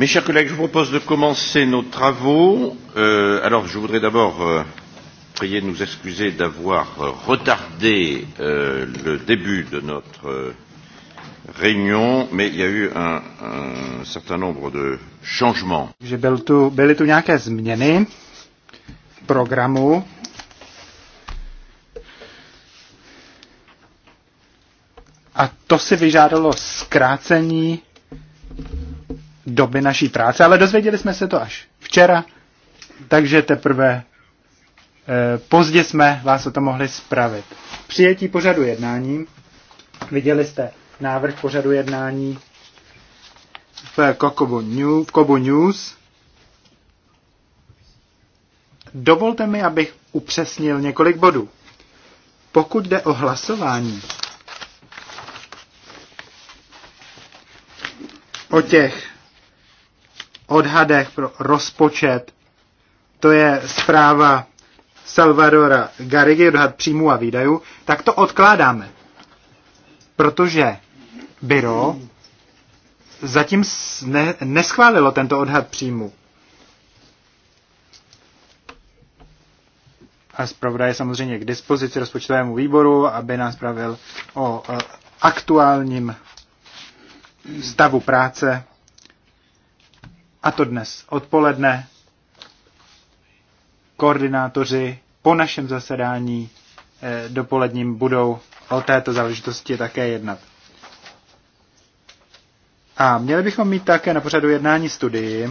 Mes chers collègues, je vous propose de commencer nos travaux. Euh, alors, je voudrais d'abord euh, prier de nous excuser d'avoir euh, retardé euh, le début de notre euh, réunion, mais il y a eu un, un certain nombre de changements. Že byl tu, byly tu nějaké změny programu. A to si vyžádalo zkrácení doby naší práce, ale dozvěděli jsme se to až včera, takže teprve eh, pozdě jsme vás o to mohli spravit. Přijetí pořadu jednání. Viděli jste návrh pořadu jednání v Kokobu New, News. Dovolte mi, abych upřesnil několik bodů. Pokud jde o hlasování, o těch odhadech pro rozpočet. To je zpráva Salvadora Garrigy, odhad příjmů a výdajů, tak to odkládáme. Protože byro zatím ne, neschválilo tento odhad příjmu. A zpravda je samozřejmě k dispozici rozpočtovému výboru, aby nás pravil o e, aktuálním stavu práce a to dnes odpoledne koordinátoři po našem zasedání eh, dopoledním budou o této záležitosti také jednat. A měli bychom mít také na pořadu jednání studii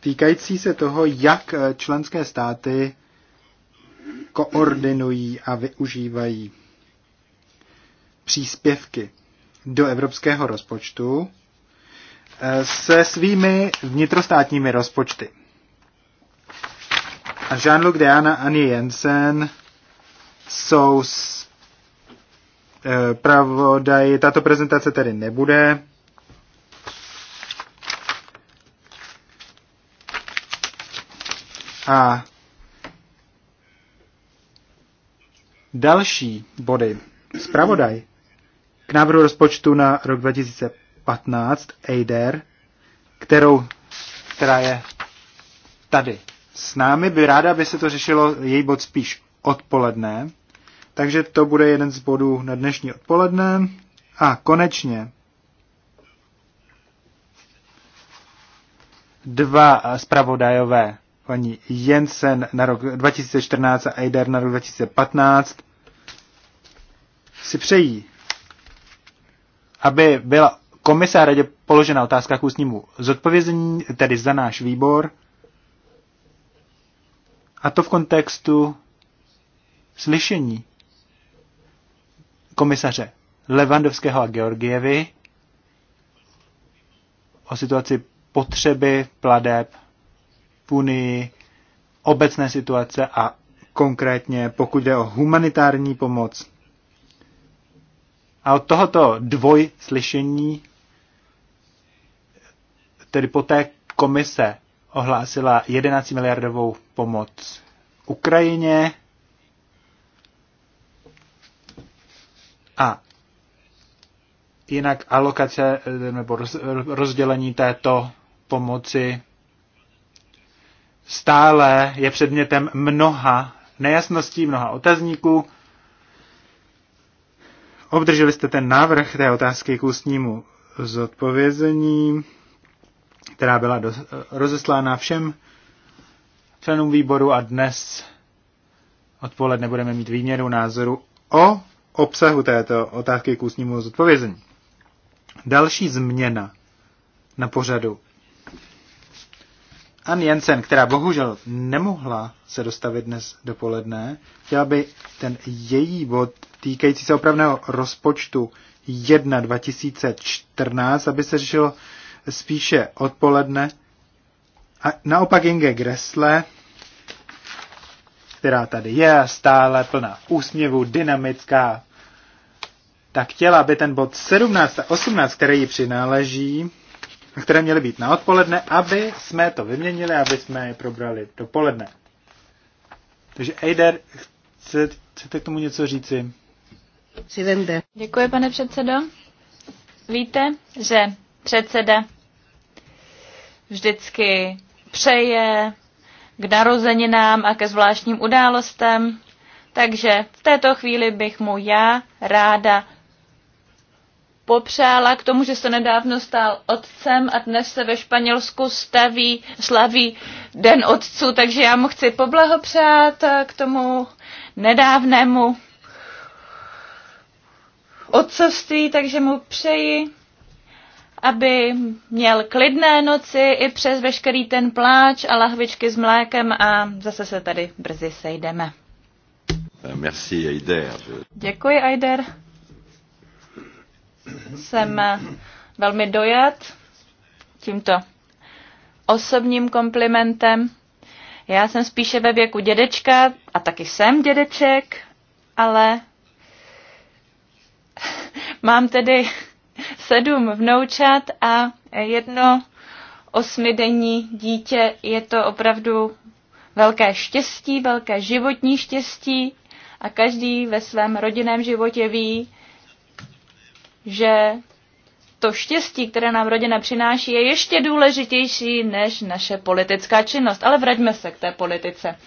týkající se toho, jak eh, členské státy koordinují a využívají příspěvky do evropského rozpočtu eh, se svými vnitrostátními rozpočty. A Jean-Luc Deana a Annie Jensen jsou s, e, pravodaj, tato prezentace tedy nebude. A další body. Spravodaj návrhu rozpočtu na rok 2015 EIDER, kterou, která je tady s námi. By ráda, aby se to řešilo její bod spíš odpoledne. Takže to bude jeden z bodů na dnešní odpoledne. A konečně dva zpravodajové, paní Jensen na rok 2014 a Eider na rok 2015, si přejí aby byla komise a radě položena otázka k ústnímu zodpovězení, tedy za náš výbor, a to v kontextu slyšení komisaře Levandovského a Georgievy o situaci potřeby pladeb v Unii, obecné situace a konkrétně pokud jde o humanitární pomoc a od tohoto dvoj slyšení, tedy po té komise ohlásila 11 miliardovou pomoc Ukrajině a jinak alokace nebo rozdělení této pomoci stále je předmětem mnoha nejasností, mnoha otazníků Obdrželi jste ten návrh té otázky k ústnímu zodpovězení, která byla do, rozeslána všem členům výboru a dnes odpoledne budeme mít výměru názoru o obsahu této otázky k ústnímu zodpovězení. Další změna na pořadu. Ann Jensen, která bohužel nemohla se dostavit dnes dopoledne, chtěla by ten její bod týkající se opravného rozpočtu 1 2014, aby se řešilo spíše odpoledne. A naopak Inge Gressle, která tady je stále plná úsměvu, dynamická, tak chtěla, aby ten bod 17 a 18, který ji přináleží, které měly být na odpoledne, aby jsme to vyměnili, aby jsme je probrali dopoledne. Takže Eider, chcete, chcete k tomu něco říci? Děkuji, pane předsedo. Víte, že předseda vždycky přeje k narozeninám a ke zvláštním událostem, takže v této chvíli bych mu já ráda popřála k tomu, že se nedávno stál otcem a dnes se ve Španělsku staví, slaví Den otců, takže já mu chci poblahopřát k tomu nedávnému otcovství, takže mu přeji, aby měl klidné noci i přes veškerý ten pláč a lahvičky s mlékem a zase se tady brzy sejdeme. Merci, Aider. Děkuji, Aider. Jsem velmi dojat tímto osobním komplimentem. Já jsem spíše ve věku dědečka a taky jsem dědeček, ale Mám tedy sedm vnoučat a jedno osmidenní dítě. Je to opravdu velké štěstí, velké životní štěstí a každý ve svém rodinném životě ví, že to štěstí, které nám rodina přináší, je ještě důležitější než naše politická činnost. Ale vraťme se k té politice.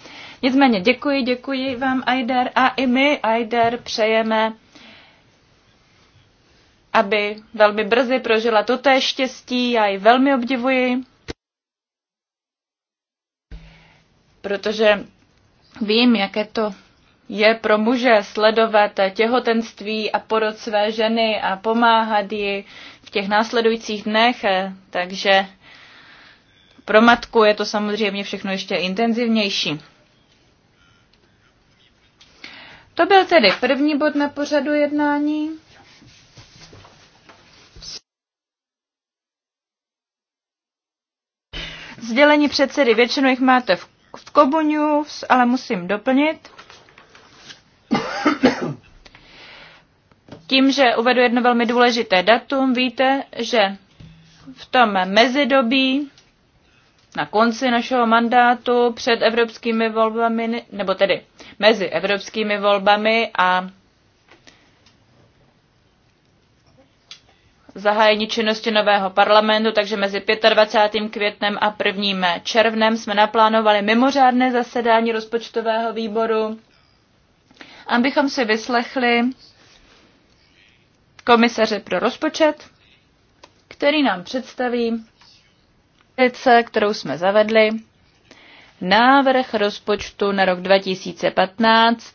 Nicméně děkuji, děkuji vám, Aider, a i my, Aider, přejeme aby velmi brzy prožila toto štěstí, já ji velmi obdivuji, protože vím, jaké to je pro muže sledovat těhotenství a porod své ženy a pomáhat ji v těch následujících dnech, takže pro matku je to samozřejmě všechno ještě intenzivnější. To byl tedy první bod na pořadu jednání. Sdělení předsedy, Většinou jich máte v, v Kobu News, ale musím doplnit. Tím, že uvedu jedno velmi důležité datum, víte, že v tom mezidobí na konci našeho mandátu před evropskými volbami, nebo tedy mezi evropskými volbami a zahájení činnosti nového parlamentu, takže mezi 25. květnem a 1. červnem jsme naplánovali mimořádné zasedání rozpočtového výboru, abychom si vyslechli komisaře pro rozpočet, který nám představí věce, kterou jsme zavedli, návrh rozpočtu na rok 2015,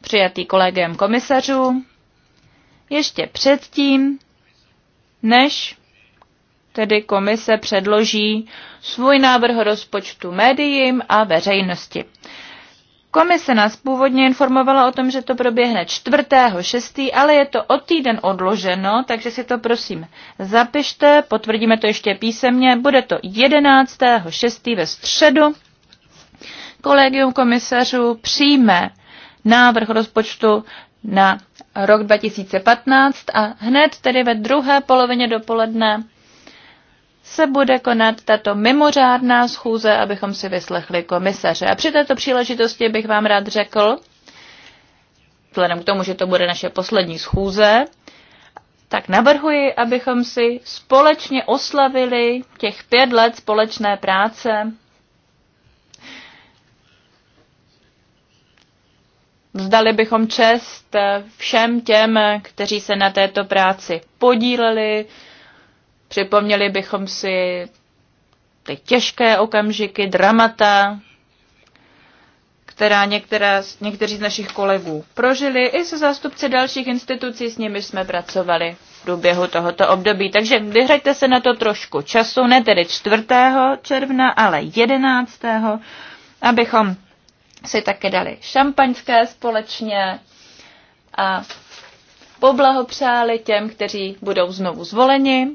přijatý kolegem komisařů, ještě předtím, než tedy komise předloží svůj návrh rozpočtu médiím a veřejnosti. Komise nás původně informovala o tom, že to proběhne 4.6., ale je to o týden odloženo, takže si to prosím zapište, potvrdíme to ještě písemně, bude to 11.6. ve středu. Kolegium komisařů přijme návrh rozpočtu na rok 2015 a hned tedy ve druhé polovině dopoledne se bude konat tato mimořádná schůze, abychom si vyslechli komisaře. A při této příležitosti bych vám rád řekl, vzhledem k tomu, že to bude naše poslední schůze, tak navrhuji, abychom si společně oslavili těch pět let společné práce Vzdali bychom čest eh, všem těm, kteří se na této práci podíleli, připomněli bychom si ty těžké okamžiky, dramata, která některá, někteří z našich kolegů prožili, i se zástupci dalších institucí, s nimi jsme pracovali v průběhu tohoto období. Takže vyhraďte se na to trošku času, ne tedy 4. června, ale 11. abychom si také dali šampaňské společně a poblahopřáli těm, kteří budou znovu zvoleni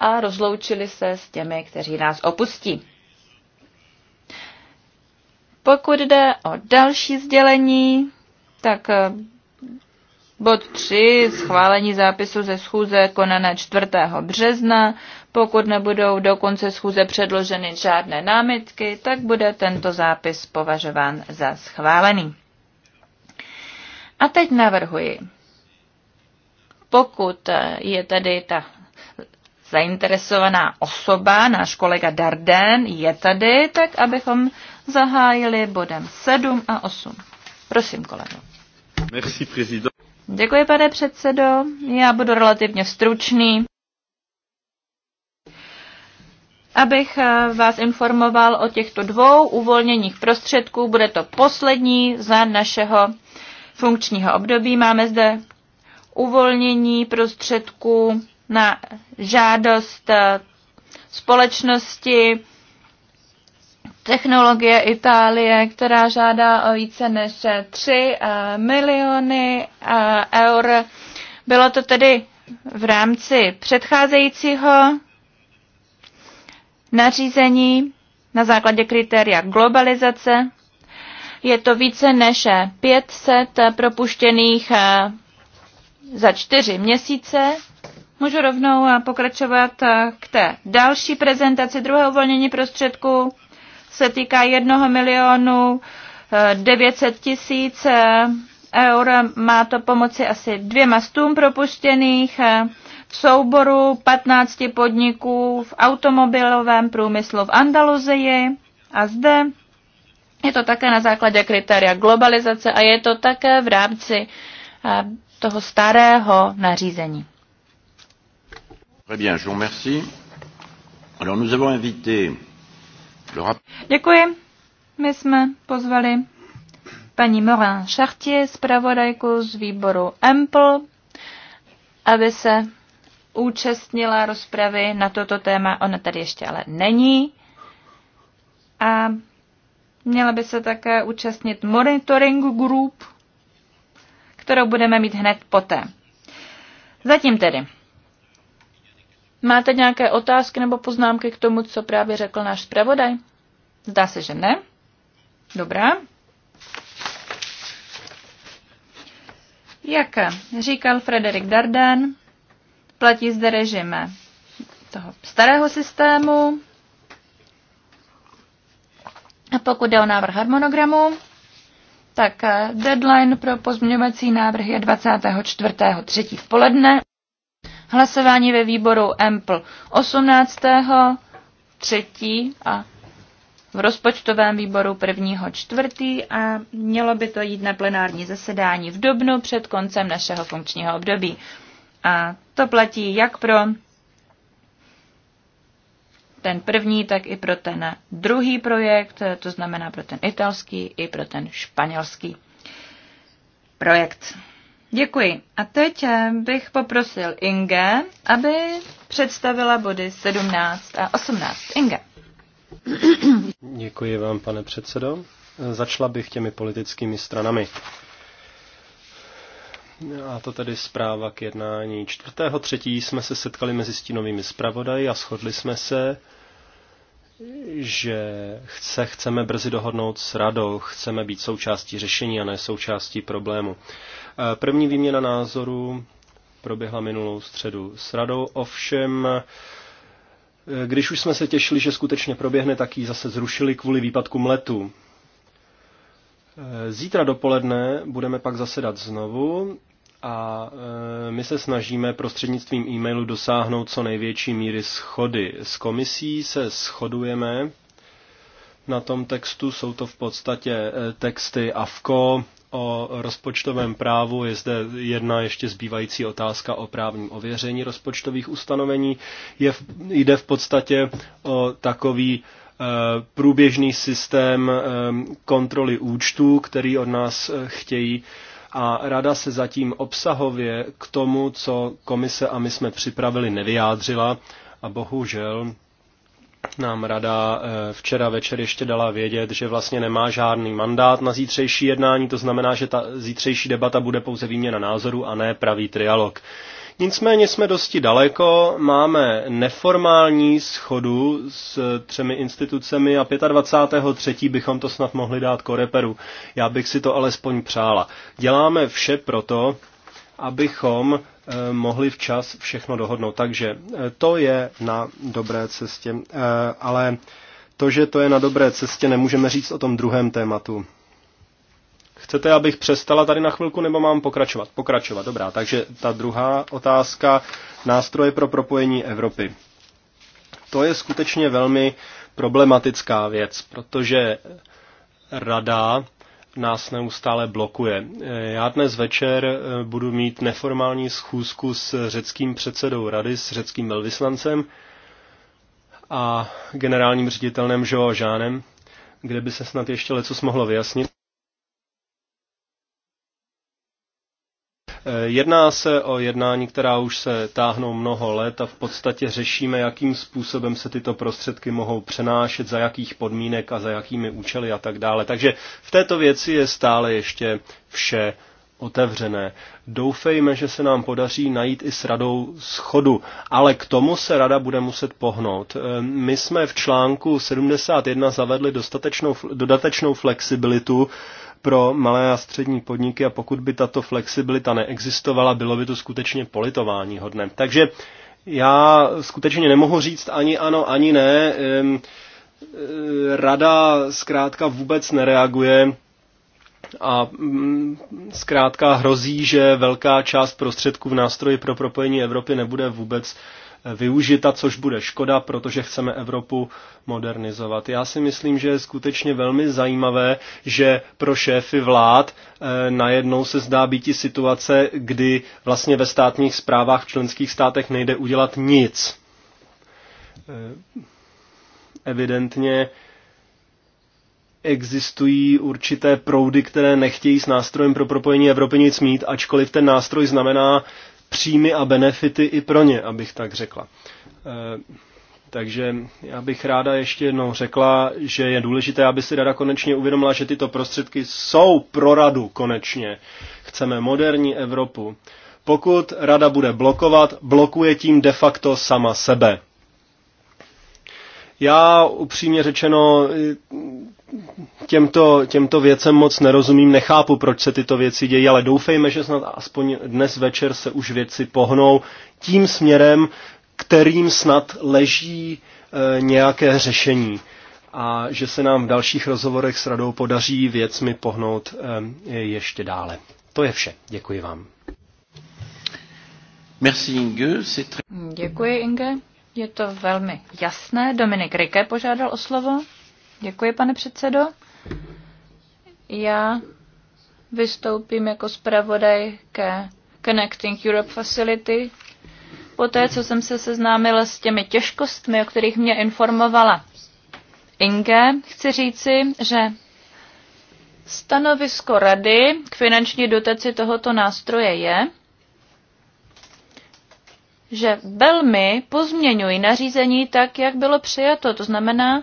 a rozloučili se s těmi, kteří nás opustí. Pokud jde o další sdělení, tak eh, bod 3, schválení zápisu ze schůze konané 4. března, pokud nebudou do konce schůze předloženy žádné námitky, tak bude tento zápis považován za schválený. A teď navrhuji, pokud je tady ta zainteresovaná osoba, náš kolega Darden, je tady, tak abychom zahájili bodem 7 a 8. Prosím, kolego. Merci, prezident. Děkuji, pane předsedo. Já budu relativně stručný abych eh, vás informoval o těchto dvou uvolněních prostředků. Bude to poslední za našeho funkčního období. Máme zde uvolnění prostředků na žádost eh, společnosti Technologie Itálie, která žádá o více než 3 eh, miliony eur. Bylo to tedy v rámci předcházejícího nařízení na základě kritéria globalizace. Je to více než 500 propuštěných eh, za čtyři měsíce. Můžu rovnou eh, pokračovat eh, k té další prezentaci druhého uvolnění prostředků. Se týká jednoho milionu 900 tisíc eur. Má to pomoci asi dvěma stům propuštěných v souboru 15 podniků v automobilovém průmyslu v Andaluzii a zde je to také na základě kritéria globalizace a je to také v rámci eh, toho starého nařízení. Děkuji. My jsme pozvali paní Morin Chartier, zpravodajku z výboru EMPL, aby se účastnila rozpravy na toto téma. Ona tady ještě ale není. A měla by se také účastnit monitoring group, kterou budeme mít hned poté. Zatím tedy. Máte nějaké otázky nebo poznámky k tomu, co právě řekl náš zpravodaj? Zdá se, že ne. Dobrá. Jak říkal Frederik Dardan, Platí zde režim toho starého systému. A pokud jde o návrh harmonogramu, tak eh, deadline pro pozměňovací návrh je 24.3. v poledne. Hlasování ve výboru EMPL 18. a v rozpočtovém výboru 1.4. a mělo by to jít na plenární zasedání v Dubnu před koncem našeho funkčního období. A to platí jak pro ten první, tak i pro ten druhý projekt, to znamená pro ten italský i pro ten španělský projekt. Děkuji. A teď eh, bych poprosil Inge, aby představila body 17 a 18. Inge. Děkuji vám, pane předsedo. Začala bych těmi politickými stranami. A to tedy zpráva k jednání. 4.3. jsme se setkali mezi stínovými zpravodaji a shodli jsme se, že se chceme brzy dohodnout s radou, chceme být součástí řešení a ne součástí problému. E, první výměna názorů proběhla minulou středu s radou, ovšem e, když už jsme se těšili, že skutečně proběhne, tak ji zase zrušili kvůli výpadku mletu. Eh, zítra dopoledne budeme pak zasedat znovu a eh, my se snažíme prostřednictvím e-mailu dosáhnout co největší míry schody. S komisí se shodujeme na tom textu, jsou to v podstatě eh, texty AFKO o rozpočtovém právu, je zde jedna ještě zbývající otázka o právním ověření rozpočtových ustanovení. Je, jde v podstatě o takový Eh, průběžný systém eh, kontroly účtů, který od nás eh, chtějí. A rada se zatím obsahově k tomu, co komise a my jsme připravili, nevyjádřila. A bohužel nám rada včera večer ještě dala vědět, že vlastně nemá žádný mandát na zítřejší jednání, to znamená, že ta zítřejší debata bude pouze výměna názoru a ne pravý trialog. Nicméně jsme dosti daleko, máme neformální schodu s třemi institucemi a 25.3. bychom to snad mohli dát koreperu. Já bych si to alespoň přála. Děláme vše proto, abychom eh, mohli včas všechno dohodnout. Takže eh, to je na dobré cestě. Eh, ale to, že to je na dobré cestě, nemůžeme říct o tom druhém tématu. Chcete, abych přestala tady na chvilku, nebo mám pokračovat? Pokračovat, dobrá. Takže ta druhá otázka, nástroje pro propojení Evropy. To je skutečně velmi problematická věc, protože rada nás neustále blokuje. Já dnes večer eh, budu mít neformální schůzku s řeckým předsedou rady, s řeckým velvyslancem a generálním ředitelem Joao Žánem, kde by se snad ještě leco mohlo vyjasnit. Eh, jedná se o jednání, která už se táhnou mnoho let a v podstatě řešíme, jakým způsobem se tyto prostředky mohou přenášet, za jakých podmínek a za jakými účely a tak dále. Takže v této věci je stále ještě vše otevřené. Doufejme, že se nám podaří najít i s radou schodu, ale k tomu se rada bude muset pohnout. Eh, my jsme v článku 71 zavedli dostatečnou, dodatečnou flexibilitu pro malé a střední podniky a pokud by tato flexibilita neexistovala, bylo by to skutečně politování hodné. Takže já skutečně nemohu říct ani ano, ani ne. Eh, rada zkrátka vůbec nereaguje a mm, zkrátka hrozí, že velká část prostředků v nástroji pro propojení Evropy nebude vůbec využita, což bude škoda, protože chceme Evropu modernizovat. Já si myslím, že je skutečně velmi zajímavé, že pro šéfy vlád eh, najednou se zdá být i situace, kdy vlastně ve státních zprávách v členských státech nejde udělat nic. Eh, evidentně existují určité proudy, které nechtějí s nástrojem pro propojení Evropy nic mít, ačkoliv ten nástroj znamená příjmy a benefity i pro ně, abych tak řekla. Eh, takže já bych ráda ještě jednou řekla, že je důležité, aby si rada konečně uvědomila, že tyto prostředky jsou pro radu konečně. Chceme moderní Evropu. Pokud rada bude blokovat, blokuje tím de facto sama sebe. Já upřímně řečeno těmto, těmto věcem moc nerozumím, nechápu, proč se tyto věci dějí, ale doufejme, že snad aspoň dnes večer se už věci pohnou tím směrem, kterým snad leží e, nějaké řešení a že se nám v dalších rozhovorech s radou podaří věcmi pohnout e, ještě dále. To je vše. Děkuji vám. Merci Inge. Děkuji Inge. Je to velmi jasné. Dominik Rike požádal o slovo. Děkuji, pane předsedo. Já vystoupím jako zpravodaj ke Connecting Europe Facility. Poté, co jsem se seznámila s těmi těžkostmi, o kterých mě informovala Inge, chci říci, že stanovisko rady k finanční dotaci tohoto nástroje je, že velmi pozměňují nařízení tak, jak bylo přijato. To znamená,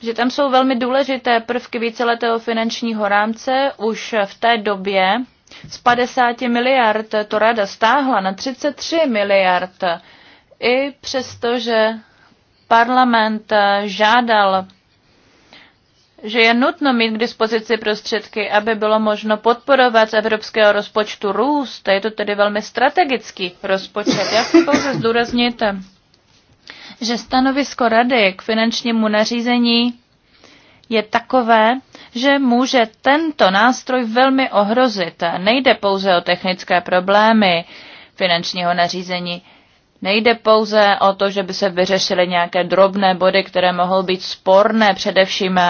že tam jsou velmi důležité prvky víceletého finančního rámce. Už v té době z 50 miliard to rada stáhla na 33 miliard, i přesto, že parlament žádal že je nutno mít k dispozici prostředky, aby bylo možno podporovat z evropského rozpočtu růst. Je to tedy velmi strategický rozpočet. Já chci pouze zdůraznit že stanovisko rady k finančnímu nařízení je takové, že může tento nástroj velmi ohrozit. Nejde pouze o technické problémy finančního nařízení, nejde pouze o to, že by se vyřešily nějaké drobné body, které mohou být sporné, především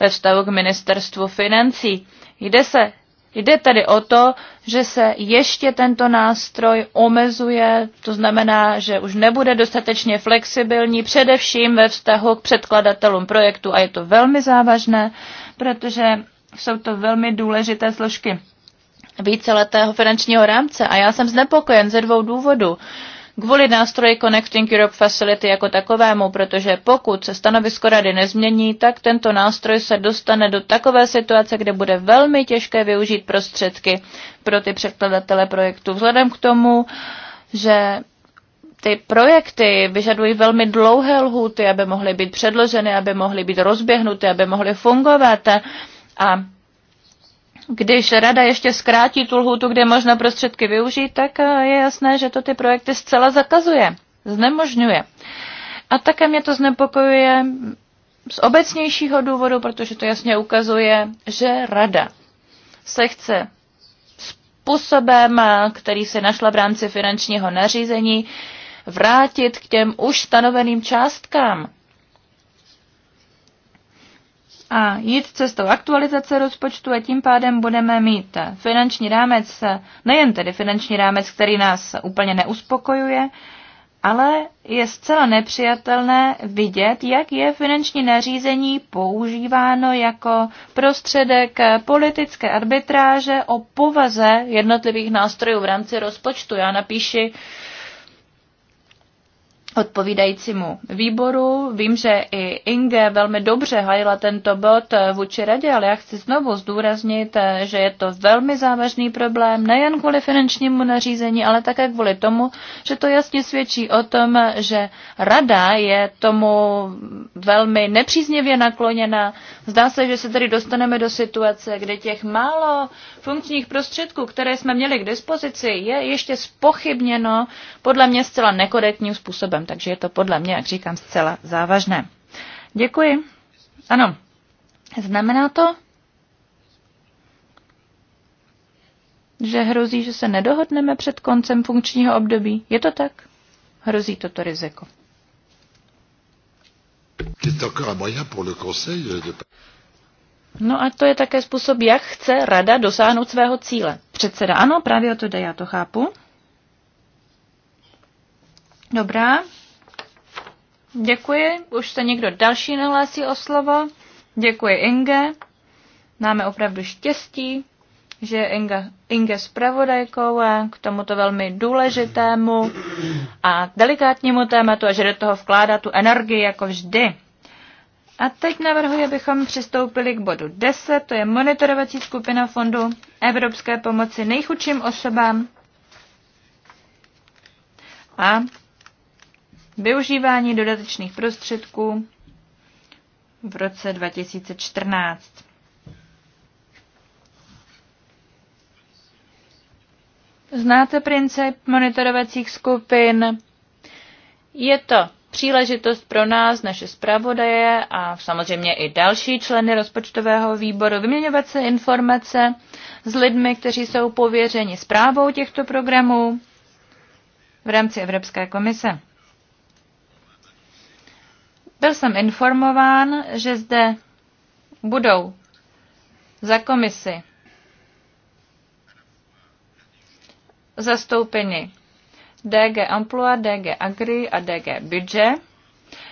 ve vztahu k ministerstvu financí. Jde se Jde tedy o to, že se ještě tento nástroj omezuje, to znamená, že už nebude dostatečně flexibilní, především ve vztahu k předkladatelům projektu a je to velmi závažné, protože jsou to velmi důležité složky víceletého finančního rámce a já jsem znepokojen ze dvou důvodů kvůli nástroji Connecting Europe Facility jako takovému, protože pokud se stanovisko rady nezmění, tak tento nástroj se dostane do takové situace, kde bude velmi těžké využít prostředky pro ty předkladatele projektu. Vzhledem k tomu, že ty projekty vyžadují velmi dlouhé lhůty, aby mohly být předloženy, aby mohly být rozběhnuty, aby mohly fungovat. A když rada ještě zkrátí tu lhůtu, kde možno prostředky využít, tak eh, je jasné, že to ty projekty zcela zakazuje, znemožňuje. A také mě to znepokojuje z obecnějšího důvodu, protože to jasně ukazuje, že rada se chce způsobem, eh, který se našla v rámci finančního nařízení, vrátit k těm už stanoveným částkám a jít cestou aktualizace rozpočtu a tím pádem budeme mít finanční rámec, nejen tedy finanční rámec, který nás úplně neuspokojuje, ale je zcela nepřijatelné vidět, jak je finanční nařízení používáno jako prostředek politické arbitráže o povaze jednotlivých nástrojů v rámci rozpočtu. Já napíši odpovídajícímu výboru. Vím, že i Inge velmi dobře hajila tento bod eh, vůči radě, ale já chci znovu zdůraznit, eh, že je to velmi závažný problém, nejen kvůli finančnímu nařízení, ale také kvůli tomu, že to jasně svědčí o tom, že rada je tomu velmi nepříznivě nakloněna. Zdá se, že se tady dostaneme do situace, kde těch málo funkčních prostředků, které jsme měli k dispozici, je ještě spochybněno podle mě zcela nekorektním způsobem. Takže je to podle mě, jak říkám, zcela závažné. Děkuji. Ano. Znamená to, že hrozí, že se nedohodneme před koncem funkčního období. Je to tak? Hrozí toto riziko. No a to je také způsob, jak chce rada dosáhnout svého cíle. Předseda, ano, právě o to jde, já to chápu. Dobrá. Děkuji. Už se někdo další nehlásí o slovo. Děkuji Inge. Máme opravdu štěstí, že je Inge, Inge zpravodajkou k tomuto velmi důležitému a delikátnímu tématu a že do toho vkládá tu energii jako vždy. A teď navrhuji, abychom přistoupili k bodu 10, to je monitorovací skupina fondu Evropské pomoci nejchudším osobám a využívání dodatečných prostředků v roce 2014. Znáte princip monitorovacích skupin? Je to příležitost pro nás, naše zpravodaje a samozřejmě i další členy rozpočtového výboru vyměňovat se informace s lidmi, kteří jsou pověřeni zprávou těchto programů v rámci Evropské komise. Byl jsem informován, že zde budou za komisi zastoupeni DG Amplua, DG Agri a DG Budget.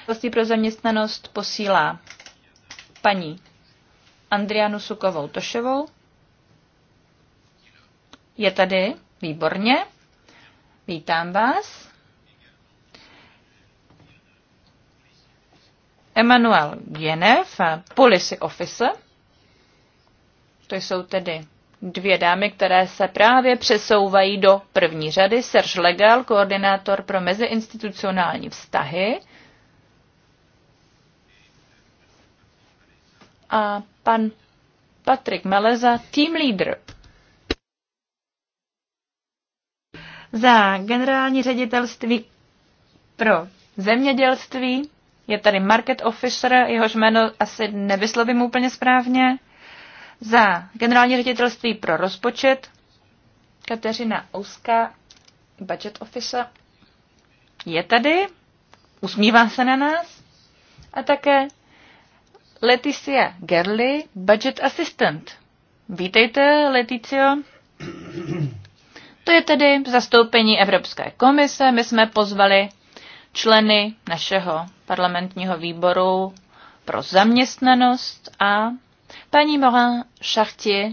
Vlastně pro zaměstnanost posílá paní Andrianu Sukovou Tošovou. Je tady, výborně. Vítám vás. Emanuel Genev, Policy Officer. To jsou tedy dvě dámy, které se právě přesouvají do první řady. Serge Legal, koordinátor pro meziinstitucionální vztahy. A pan Patrick Meleza, team leader. Za generální ředitelství pro zemědělství je tady market officer, jehož jméno asi nevyslovím úplně správně. Za generální ředitelství pro rozpočet Kateřina Ouska, budget officer, je tady, usmívá se na nás a také Leticia Gerli, budget assistant. Vítejte, Leticio. To je tedy zastoupení Evropské komise. My jsme pozvali členy našeho parlamentního výboru pro zaměstnanost a Paní Morin Chartier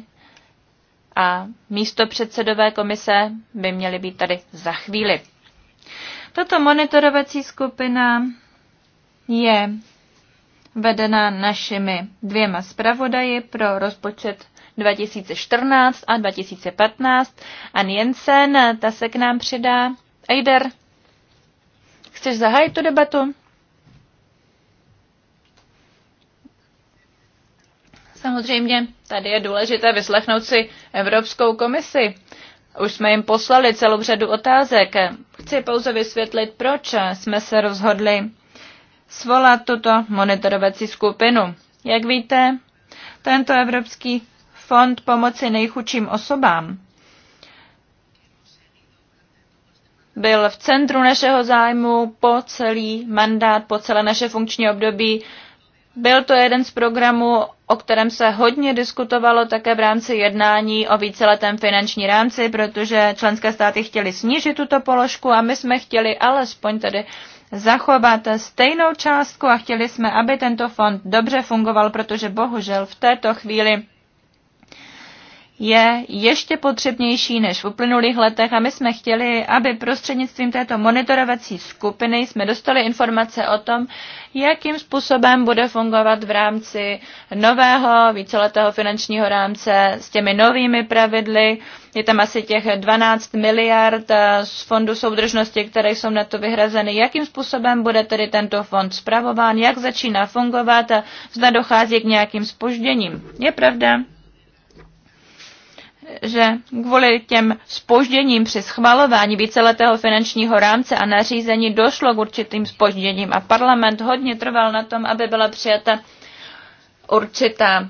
a místo předsedové komise by měly být tady za chvíli. Tato monitorovací skupina je vedena našimi dvěma zpravodaji pro rozpočet 2014 a 2015. Ann Jensen, ta se k nám přidá. Eider, chceš zahájit tu debatu? Samozřejmě tady je důležité vyslechnout si Evropskou komisi. Už jsme jim poslali celou řadu otázek. Chci pouze vysvětlit, proč jsme se rozhodli svolat tuto monitorovací skupinu. Jak víte, tento Evropský fond pomoci nejchudším osobám byl v centru našeho zájmu po celý mandát, po celé naše funkční období byl to jeden z programů, o kterém se hodně diskutovalo také v rámci jednání o víceletém finanční rámci, protože členské státy chtěly snížit tuto položku a my jsme chtěli alespoň tedy zachovat stejnou částku a chtěli jsme, aby tento fond dobře fungoval, protože bohužel v této chvíli je ještě potřebnější než v uplynulých letech a my jsme chtěli, aby prostřednictvím této monitorovací skupiny jsme dostali informace o tom, jakým způsobem bude fungovat v rámci nového víceletého finančního rámce s těmi novými pravidly. Je tam asi těch 12 miliard z fondu soudržnosti, které jsou na to vyhrazeny. Jakým způsobem bude tedy tento fond zpravován, jak začíná fungovat a zda dochází k nějakým spožděním. Je pravda, že kvůli těm spožděním při schvalování víceletého finančního rámce a nařízení došlo k určitým spožděním a parlament hodně trval na tom, aby byla přijata určitá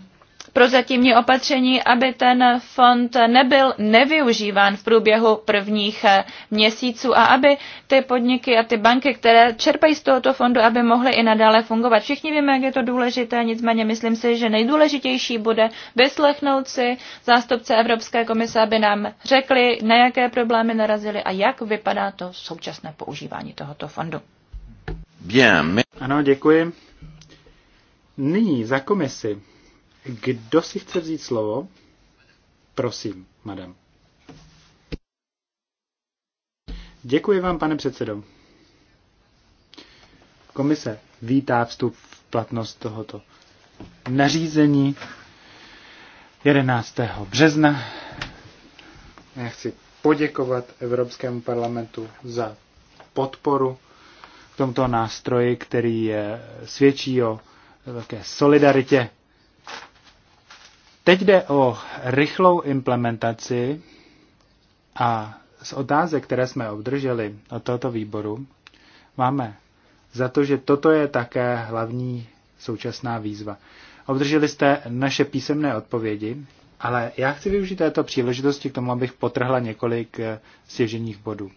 prozatímní opatření, aby ten fond nebyl nevyužíván v průběhu prvních eh, měsíců a aby ty podniky a ty banky, které čerpají z tohoto fondu, aby mohly i nadále fungovat. Všichni víme, jak je to důležité, nicméně myslím si, že nejdůležitější bude vyslechnout si zástupce Evropské komise, aby nám řekli, na jaké problémy narazili a jak vypadá to současné používání tohoto fondu. Bien. Ano, děkuji. Nyní za komisi kdo si chce vzít slovo? Prosím, madam. Děkuji vám, pane předsedo. Komise vítá vstup v platnost tohoto nařízení 11. března. Já chci poděkovat Evropskému parlamentu za podporu tomto nástroji, který je, svědčí o velké solidaritě Teď jde o rychlou implementaci a z otázek, které jsme obdrželi od tohoto výboru, máme za to, že toto je také hlavní současná výzva. Obdrželi jste naše písemné odpovědi, ale já chci využít této příležitosti k tomu, abych potrhla několik eh, stěženích bodů.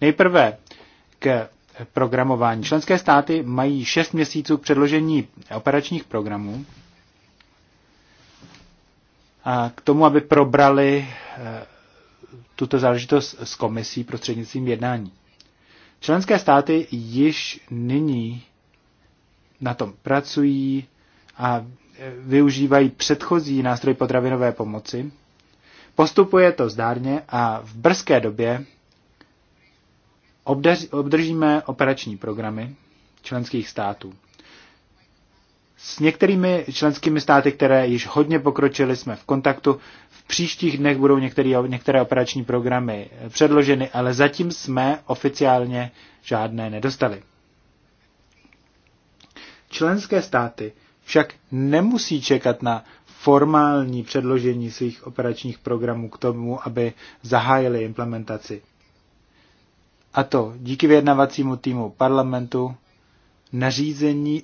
Nejprve k programování. Členské státy mají 6 měsíců předložení operačních programů a k tomu, aby probrali eh, tuto záležitost s komisí prostřednictvím jednání. Členské státy již nyní na tom pracují a eh, využívají předchozí nástroj potravinové pomoci. Postupuje to zdárně a v brzké době obdržíme operační programy členských států. S některými členskými státy, které již hodně pokročily, jsme v kontaktu. V příštích dnech budou některý, některé operační programy předloženy, ale zatím jsme oficiálně žádné nedostali. Členské státy však nemusí čekat na formální předložení svých operačních programů k tomu, aby zahájili implementaci. A to díky vyjednavacímu týmu parlamentu nařízení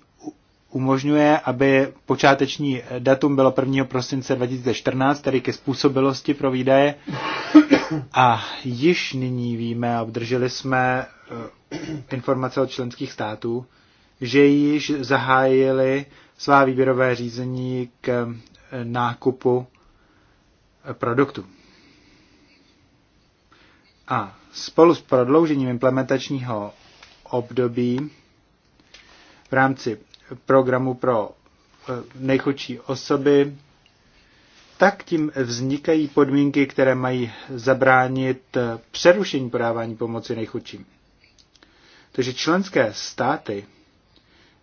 umožňuje, aby počáteční datum bylo 1. prosince 2014, tedy ke způsobilosti pro výdaje. A již nyní víme, a obdrželi jsme eh, informace od členských států, že již zahájili svá výběrové řízení k eh, nákupu eh, produktu. A spolu s prodloužením implementačního období v rámci programu pro eh, nejchudší osoby, tak tím vznikají podmínky, které mají zabránit eh, přerušení podávání pomoci nejchudším. Takže členské státy,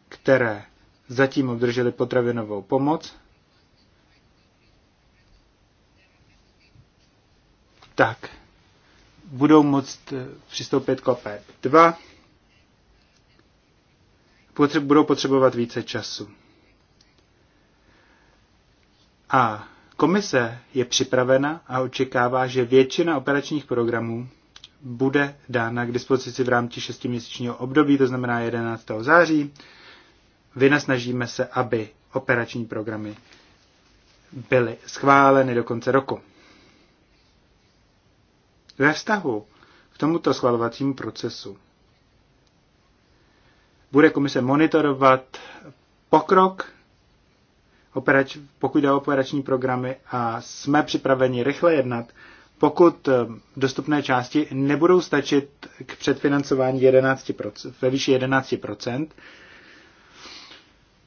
které zatím obdržely potravinovou pomoc, tak budou moct eh, přistoupit k OP2 potře- budou potřebovat více času. A komise je připravena a očekává, že většina operačních programů bude dána k dispozici v rámci 6-měsíčního období, to znamená 11. září. Vynasnažíme se, aby operační programy byly schváleny do konce roku. Ve vztahu k tomuto schvalovacímu procesu bude komise monitorovat pokrok, operač, pokud jde o operační programy a jsme připraveni rychle jednat, pokud eh, dostupné části nebudou stačit k předfinancování 11%, ve výši 11%,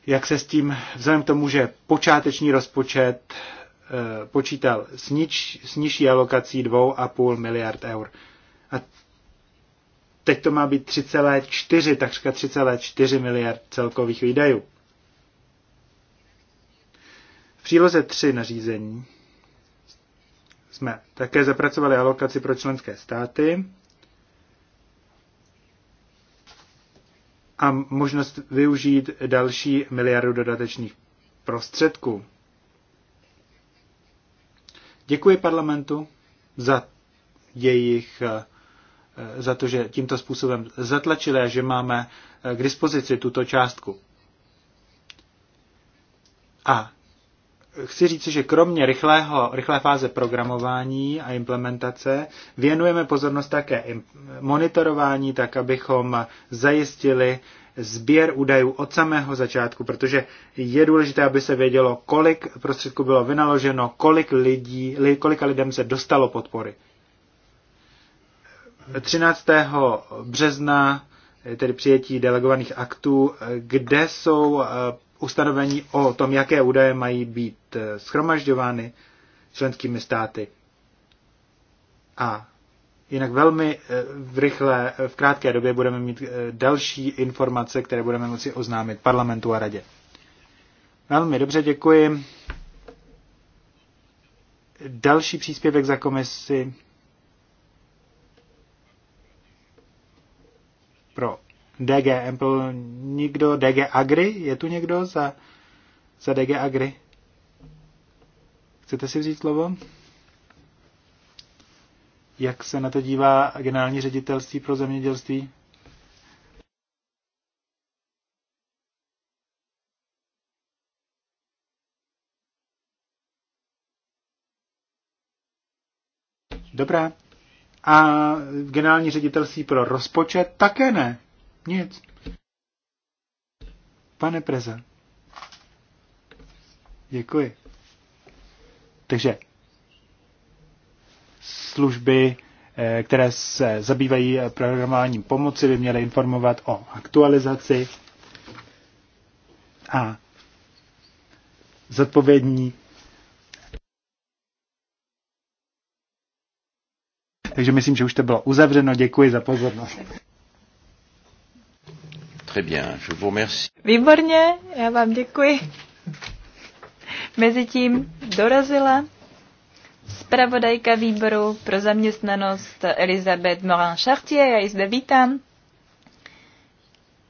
jak se s tím, vzhledem k tomu, že počáteční rozpočet eh, počítal s, nič, s nižší alokací 2,5 miliard eur. A teď to má být 3,4, takřka 3,4 miliard celkových výdajů. V příloze 3 nařízení jsme také zapracovali alokaci pro členské státy a možnost využít další miliardu dodatečných prostředků. Děkuji parlamentu za jejich eh, Eh, za to, že tímto způsobem zatlačili a že máme eh, k dispozici tuto částku. A chci říci, že kromě rychlého, rychlé fáze programování a implementace věnujeme pozornost také monitorování, tak abychom zajistili sběr údajů od samého začátku, protože je důležité, aby se vědělo, kolik prostředků bylo vynaloženo, kolik lidí, kolika lidem se dostalo podpory. 13. března, tedy přijetí delegovaných aktů, kde jsou eh, ustanovení o tom, jaké údaje mají být eh, schromažďovány členskými státy. A jinak velmi eh, v rychle, v krátké době budeme mít další informace, které budeme moci oznámit parlamentu a radě. Velmi dobře, děkuji. Další příspěvek za komisi pro DG Ample nikdo, DG Agri, je tu někdo za, za DG Agri? Chcete si vzít slovo? Jak se na to dívá generální ředitelství pro zemědělství? Dobrá, a generální ředitelství pro rozpočet také ne. Nic. Pane Preza. Děkuji. Takže služby, eh, které se zabývají programováním pomoci, by měly informovat o aktualizaci a zodpovědní Takže myslím, že už to bylo uzavřeno. Děkuji za pozornost. Très bien, je vous remercie. Výborně, já vám děkuji. Mezitím dorazila zpravodajka výboru pro zaměstnanost Elizabeth Morin-Chartier, já ji zde vítám.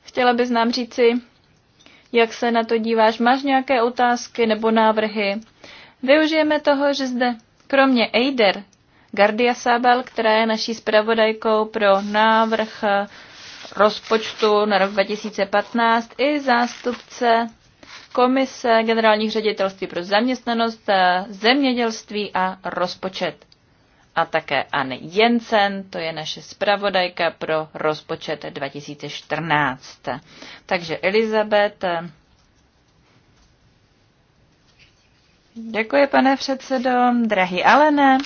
Chtěla bys nám říci, jak se na to díváš, máš nějaké otázky nebo návrhy? Využijeme toho, že zde kromě EIDER Gardia Sábel, která je naší zpravodajkou pro návrh rozpočtu na rok 2015 i zástupce komise generálních ředitelství pro zaměstnanost, eh, zemědělství a rozpočet. A také Anne Jensen, to je naše zpravodajka pro rozpočet 2014. Takže Elizabeth. Eh, děkuji, pane předsedo, drahý Alene.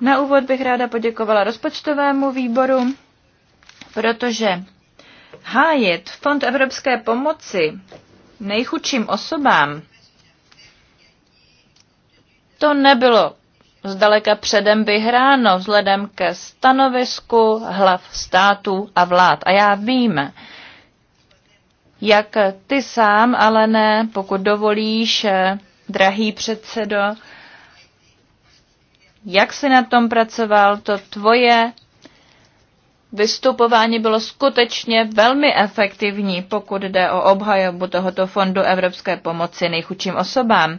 Na úvod bych ráda poděkovala rozpočtovému výboru, protože hájit Fond evropské pomoci nejchudším osobám, to nebylo zdaleka předem vyhráno vzhledem ke stanovisku hlav států a vlád. A já vím, jak ty sám, ale ne, pokud dovolíš, drahý předsedo, jak jsi na tom pracoval, to tvoje vystupování bylo skutečně velmi efektivní, pokud jde o obhajobu tohoto fondu evropské pomoci nejchudším osobám.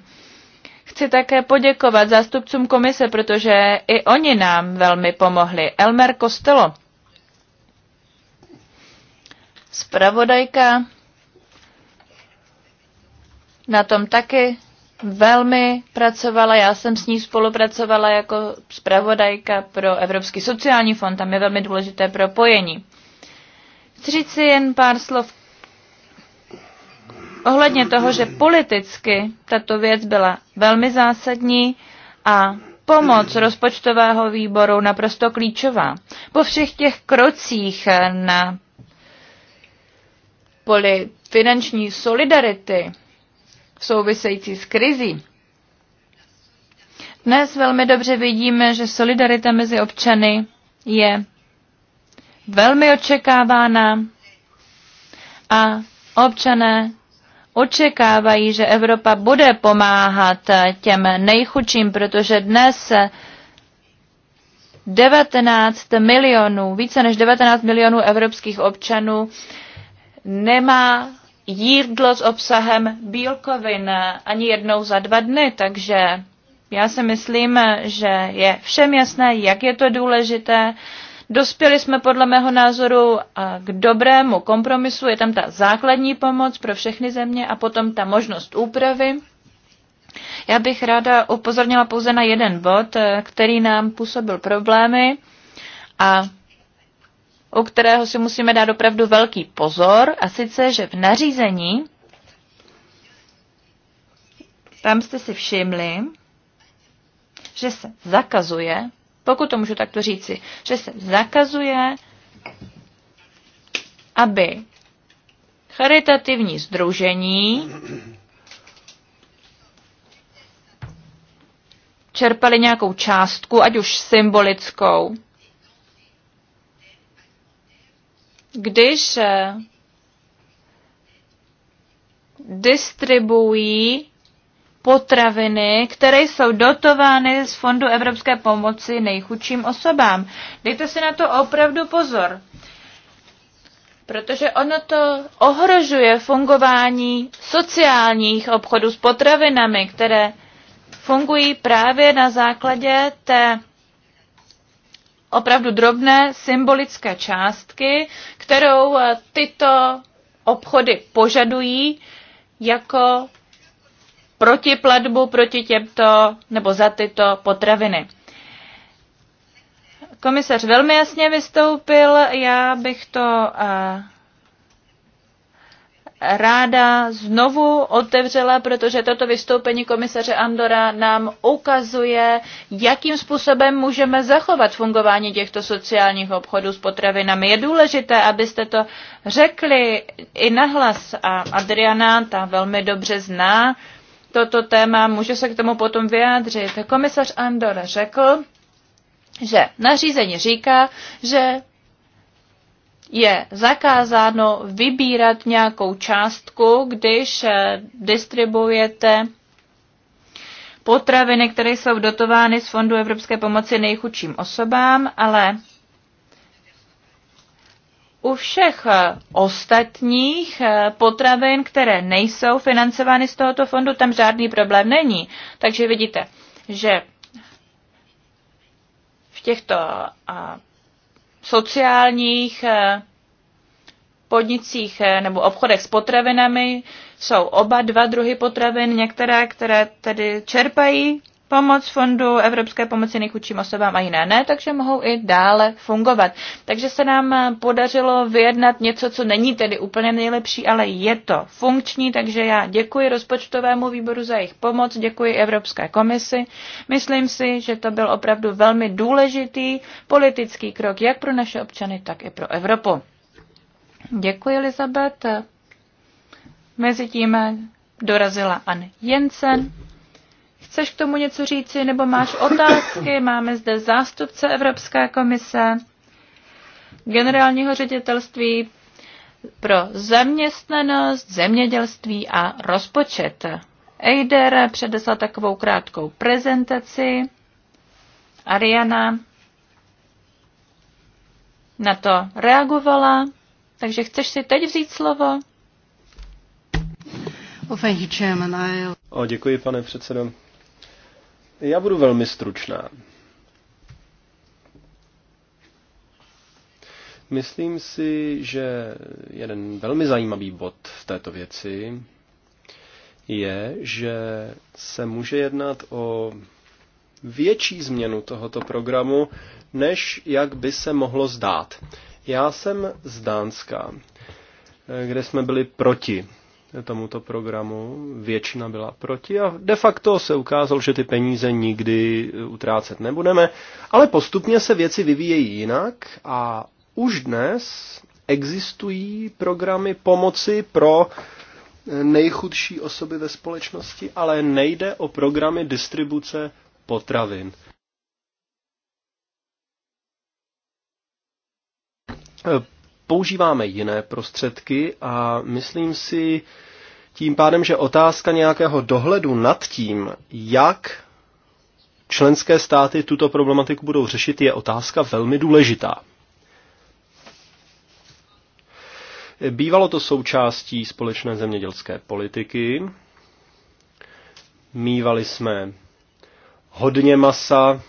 Chci také poděkovat zástupcům komise, protože i oni nám velmi pomohli. Elmer Costello, zpravodajka, na tom taky velmi pracovala, já jsem s ní spolupracovala jako zpravodajka pro Evropský sociální fond, tam je velmi důležité propojení. Chci říct si jen pár slov ohledně toho, že politicky tato věc byla velmi zásadní a pomoc rozpočtového výboru naprosto klíčová. Po všech těch krocích na poli finanční solidarity související s krizí. Dnes velmi dobře vidíme, že solidarita mezi občany je velmi očekávána a občané očekávají, že Evropa bude pomáhat těm nejchudším, protože dnes 19 milionů, více než 19 milionů evropských občanů nemá jídlo s obsahem bílkovin ani jednou za dva dny, takže já si myslím, že je všem jasné, jak je to důležité. Dospěli jsme podle mého názoru eh, k dobrému kompromisu. Je tam ta základní pomoc pro všechny země a potom ta možnost úpravy. Já bych ráda upozornila pouze na jeden bod, eh, který nám působil problémy a u kterého si musíme dát opravdu velký pozor, a sice, že v nařízení, tam jste si všimli, že se zakazuje, pokud to můžu takto říci, že se zakazuje, aby charitativní združení čerpali nějakou částku, ať už symbolickou, když distribuují potraviny, které jsou dotovány z Fondu Evropské pomoci nejchudším osobám. Dejte si na to opravdu pozor, protože ono to ohrožuje fungování sociálních obchodů s potravinami, které fungují právě na základě té opravdu drobné symbolické částky, kterou eh, tyto obchody požadují jako protiplatbu proti těmto nebo za tyto potraviny. Komisař velmi jasně vystoupil, já bych to eh, ráda znovu otevřela, protože toto vystoupení komisaře Andora nám ukazuje, jakým způsobem můžeme zachovat fungování těchto sociálních obchodů s potravinami. Je důležité, abyste to řekli i nahlas a Adriana ta velmi dobře zná toto téma, může se k tomu potom vyjádřit. Komisař Andor řekl, že nařízení říká, že je zakázáno vybírat nějakou částku, když eh, distribuujete potraviny, které jsou dotovány z Fondu Evropské pomoci nejchudším osobám, ale u všech eh, ostatních eh, potravin, které nejsou financovány z tohoto fondu, tam žádný problém není. Takže vidíte, že v těchto sociálních eh, podnicích eh, nebo obchodech s potravinami jsou oba dva druhy potravin, některé, které tedy čerpají pomoc fondu Evropské pomoci nejchudším osobám a jiné ne, takže mohou i dále fungovat. Takže se nám podařilo vyjednat něco, co není tedy úplně nejlepší, ale je to funkční, takže já děkuji rozpočtovému výboru za jejich pomoc, děkuji Evropské komisi. Myslím si, že to byl opravdu velmi důležitý politický krok jak pro naše občany, tak i pro Evropu. Děkuji, Elizabeth. Mezitím dorazila Anne Jensen. Chceš k tomu něco říci, nebo máš otázky? Máme zde zástupce Evropské komise, generálního ředitelství pro zaměstnanost, zemědělství a rozpočet. Eider předesla takovou krátkou prezentaci. Ariana na to reagovala, takže chceš si teď vzít slovo? Oh, děkuji, pane předsedo. Já budu velmi stručná. Myslím si, že jeden velmi zajímavý bod v této věci je, že se může jednat o větší změnu tohoto programu, než jak by se mohlo zdát. Já jsem z Dánska, kde jsme byli proti tomuto programu, většina byla proti a de facto se ukázalo, že ty peníze nikdy utrácet nebudeme, ale postupně se věci vyvíjejí jinak a už dnes existují programy pomoci pro nejchudší osoby ve společnosti, ale nejde o programy distribuce potravin používáme jiné prostředky a myslím si tím pádem, že otázka nějakého dohledu nad tím, jak členské státy tuto problematiku budou řešit, je otázka velmi důležitá. Bývalo to součástí společné zemědělské politiky. Mývali jsme hodně masa,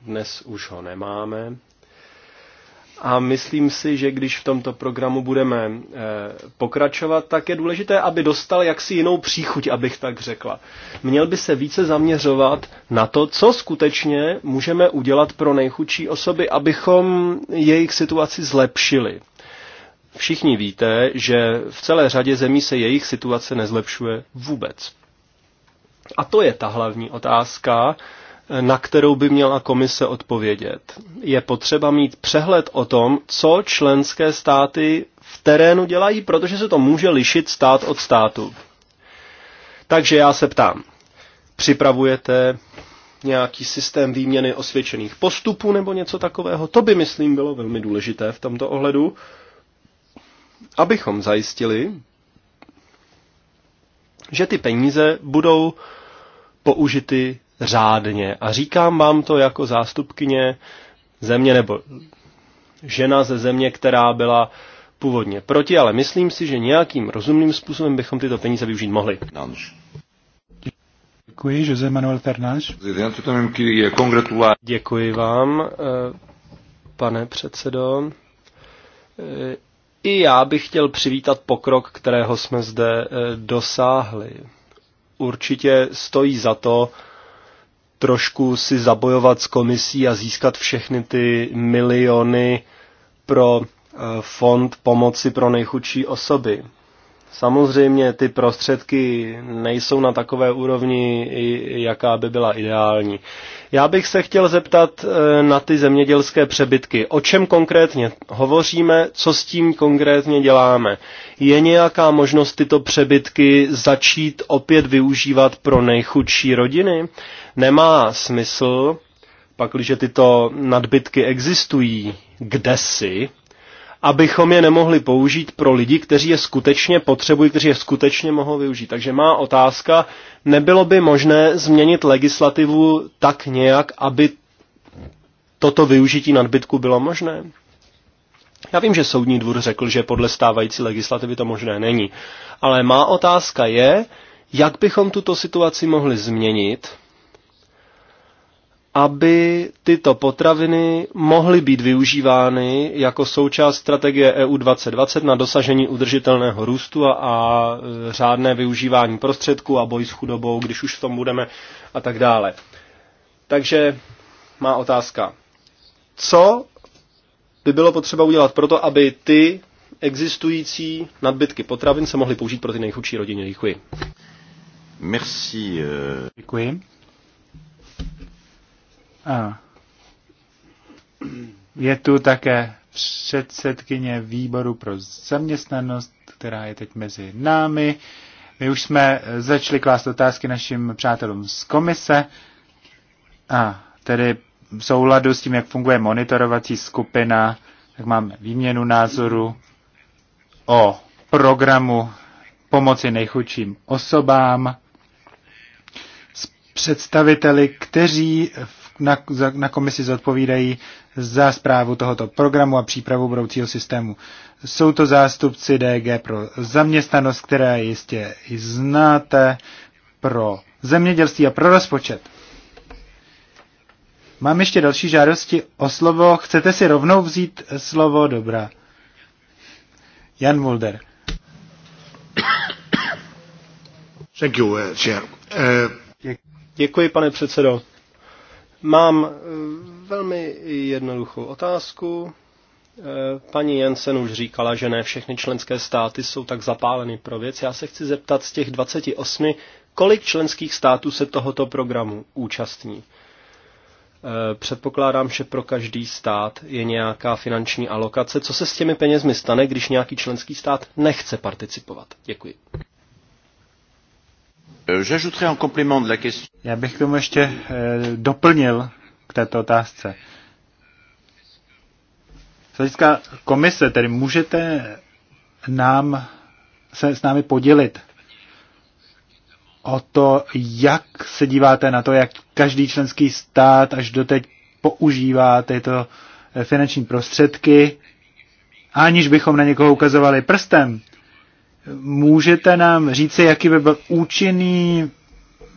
dnes už ho nemáme. A myslím si, že když v tomto programu budeme eh, pokračovat, tak je důležité, aby dostal jaksi jinou příchuť, abych tak řekla. Měl by se více zaměřovat na to, co skutečně můžeme udělat pro nejchudší osoby, abychom jejich situaci zlepšili. Všichni víte, že v celé řadě zemí se jejich situace nezlepšuje vůbec. A to je ta hlavní otázka, na kterou by měla komise odpovědět. Je potřeba mít přehled o tom, co členské státy v terénu dělají, protože se to může lišit stát od státu. Takže já se ptám, připravujete nějaký systém výměny osvědčených postupů nebo něco takového? To by, myslím, bylo velmi důležité v tomto ohledu, abychom zajistili, že ty peníze budou použity řádně. A říkám vám to jako zástupkyně země nebo žena ze země, která byla původně proti, ale myslím si, že nějakým rozumným způsobem bychom tyto peníze využít mohli. Děkuji, José Manuel Fernández. Děkuji vám, eh, pane předsedo. Eh, I já bych chtěl přivítat pokrok, kterého jsme zde eh, dosáhli. Určitě stojí za to trošku si zabojovat s komisí a získat všechny ty miliony pro eh, fond pomoci pro nejchudší osoby. Samozřejmě ty prostředky nejsou na takové úrovni, jaká by byla ideální. Já bych se chtěl zeptat eh, na ty zemědělské přebytky. O čem konkrétně hovoříme, co s tím konkrétně děláme? Je nějaká možnost tyto přebytky začít opět využívat pro nejchudší rodiny? Nemá smysl, pakliže tyto nadbytky existují kde si? abychom je nemohli použít pro lidi, kteří je skutečně potřebují, kteří je skutečně mohou využít. Takže má otázka, nebylo by možné změnit legislativu tak nějak, aby toto využití nadbytku bylo možné? Já vím, že soudní dvůr řekl, že podle stávající legislativy to možné není. Ale má otázka je, jak bychom tuto situaci mohli změnit, aby tyto potraviny mohly být využívány jako součást strategie EU 2020 na dosažení udržitelného růstu a, a e, řádné využívání prostředků a boj s chudobou, když už v tom budeme a tak dále. Takže má otázka. Co by bylo potřeba udělat proto, aby ty existující nadbytky potravin se mohly použít pro ty nejchudší rodiny? Děkuji. Merci. Euh, Děkuji. A je tu také předsedkyně výboru pro zaměstnanost, která je teď mezi námi. My už jsme začali klást otázky našim přátelům z komise a tedy v souladu s tím, jak funguje monitorovací skupina, tak máme výměnu názoru o programu pomoci nejchudším osobám s představiteli, kteří na, na komisi zodpovídají za zprávu tohoto programu a přípravu budoucího systému. Jsou to zástupci DG pro zaměstnanost, které jistě i znáte, pro zemědělství a pro rozpočet. Mám ještě další žádosti o slovo. Chcete si rovnou vzít slovo? Dobrá. Jan Mulder. Thank you, uh, chair. Uh... Děkuji, pane předsedo. Mám eh, velmi jednoduchou otázku. Eh, paní Jensen už říkala, že ne všechny členské státy jsou tak zapáleny pro věc. Já se chci zeptat z těch 28, kolik členských států se tohoto programu účastní. Eh, předpokládám, že pro každý stát je nějaká finanční alokace. Co se s těmi penězmi stane, když nějaký členský stát nechce participovat? Děkuji. Euh, j'ajouterai en complément de la question. Já bych tomu ještě eh, doplnil k této otázce. Z hlediska komise, tedy můžete nám se s námi podělit o to, jak se díváte na to, jak každý členský stát až doteď používá tyto eh, finanční prostředky, aniž bychom na někoho ukazovali prstem můžete nám říci, jaký by byl účinný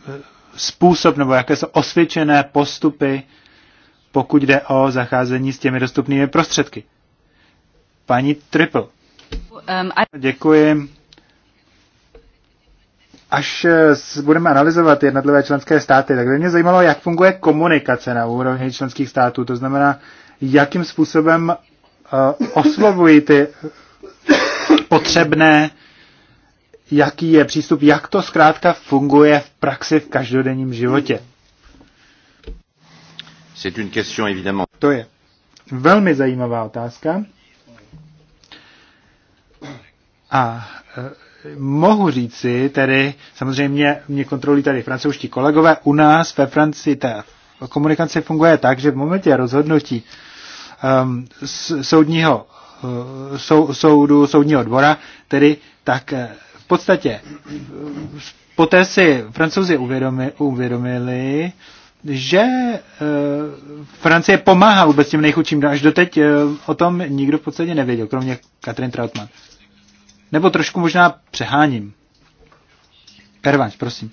eh, způsob nebo jaké jsou osvědčené postupy, pokud jde o zacházení s těmi dostupnými prostředky? Paní Triple. Um, Děkuji. Až eh, budeme analyzovat jednotlivé členské státy, tak by mě zajímalo, jak funguje komunikace na úrovni členských států. To znamená, jakým způsobem eh, oslovují ty potřebné jaký je přístup, jak to zkrátka funguje v praxi v každodenním životě. To je velmi zajímavá otázka. A e, mohu říci tedy, samozřejmě mě kontrolují tady francouzští kolegové, u nás ve Francii ta komunikace funguje tak, že v momentě rozhodnutí um, soudního e, sou, soudu, soudního dvora, tedy tak e, podstatě poté si francouzi uvědomi, uvědomili, že e, Francie pomáhá vůbec těm nejchudším, až doteď e, o tom nikdo v podstatě nevěděl, kromě Katrin Trautmann. Nebo trošku možná přeháním. Karvanč, prosím.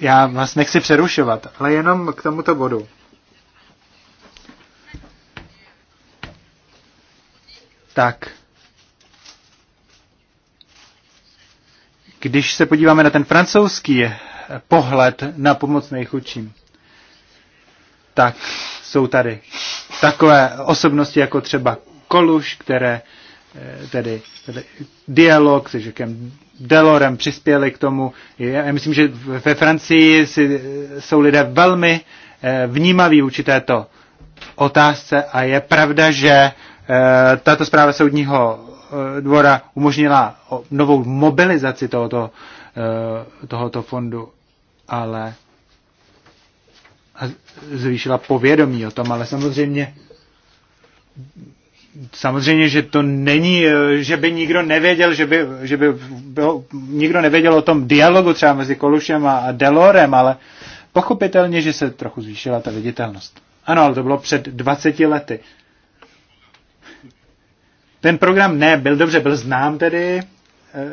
Já vás nechci přerušovat, ale jenom k tomuto bodu. Tak. Když se podíváme na ten francouzský pohled na pomoc nejchudším, tak jsou tady takové osobnosti jako třeba Koluš, které eh, tedy, tedy dialog se Žekem Delorem přispěli k tomu. Já myslím, že ve Francii si, eh, jsou lidé velmi eh, vnímaví vůči této otázce a je pravda, že tato zpráva soudního Eh, dvora umožnila novou mobilizaci tohoto, eh, tohoto fondu, ale zvýšila povědomí o tom, ale samozřejmě samozřejmě, že to není, eh, že by nikdo nevěděl, že by, že by bylo, nikdo nevěděl o tom dialogu třeba mezi Kolušem a, Delorem, ale pochopitelně, že se trochu zvýšila ta viditelnost. Ano, ale to bylo před 20 lety. Ten program ne, byl dobře, byl znám tedy, eh,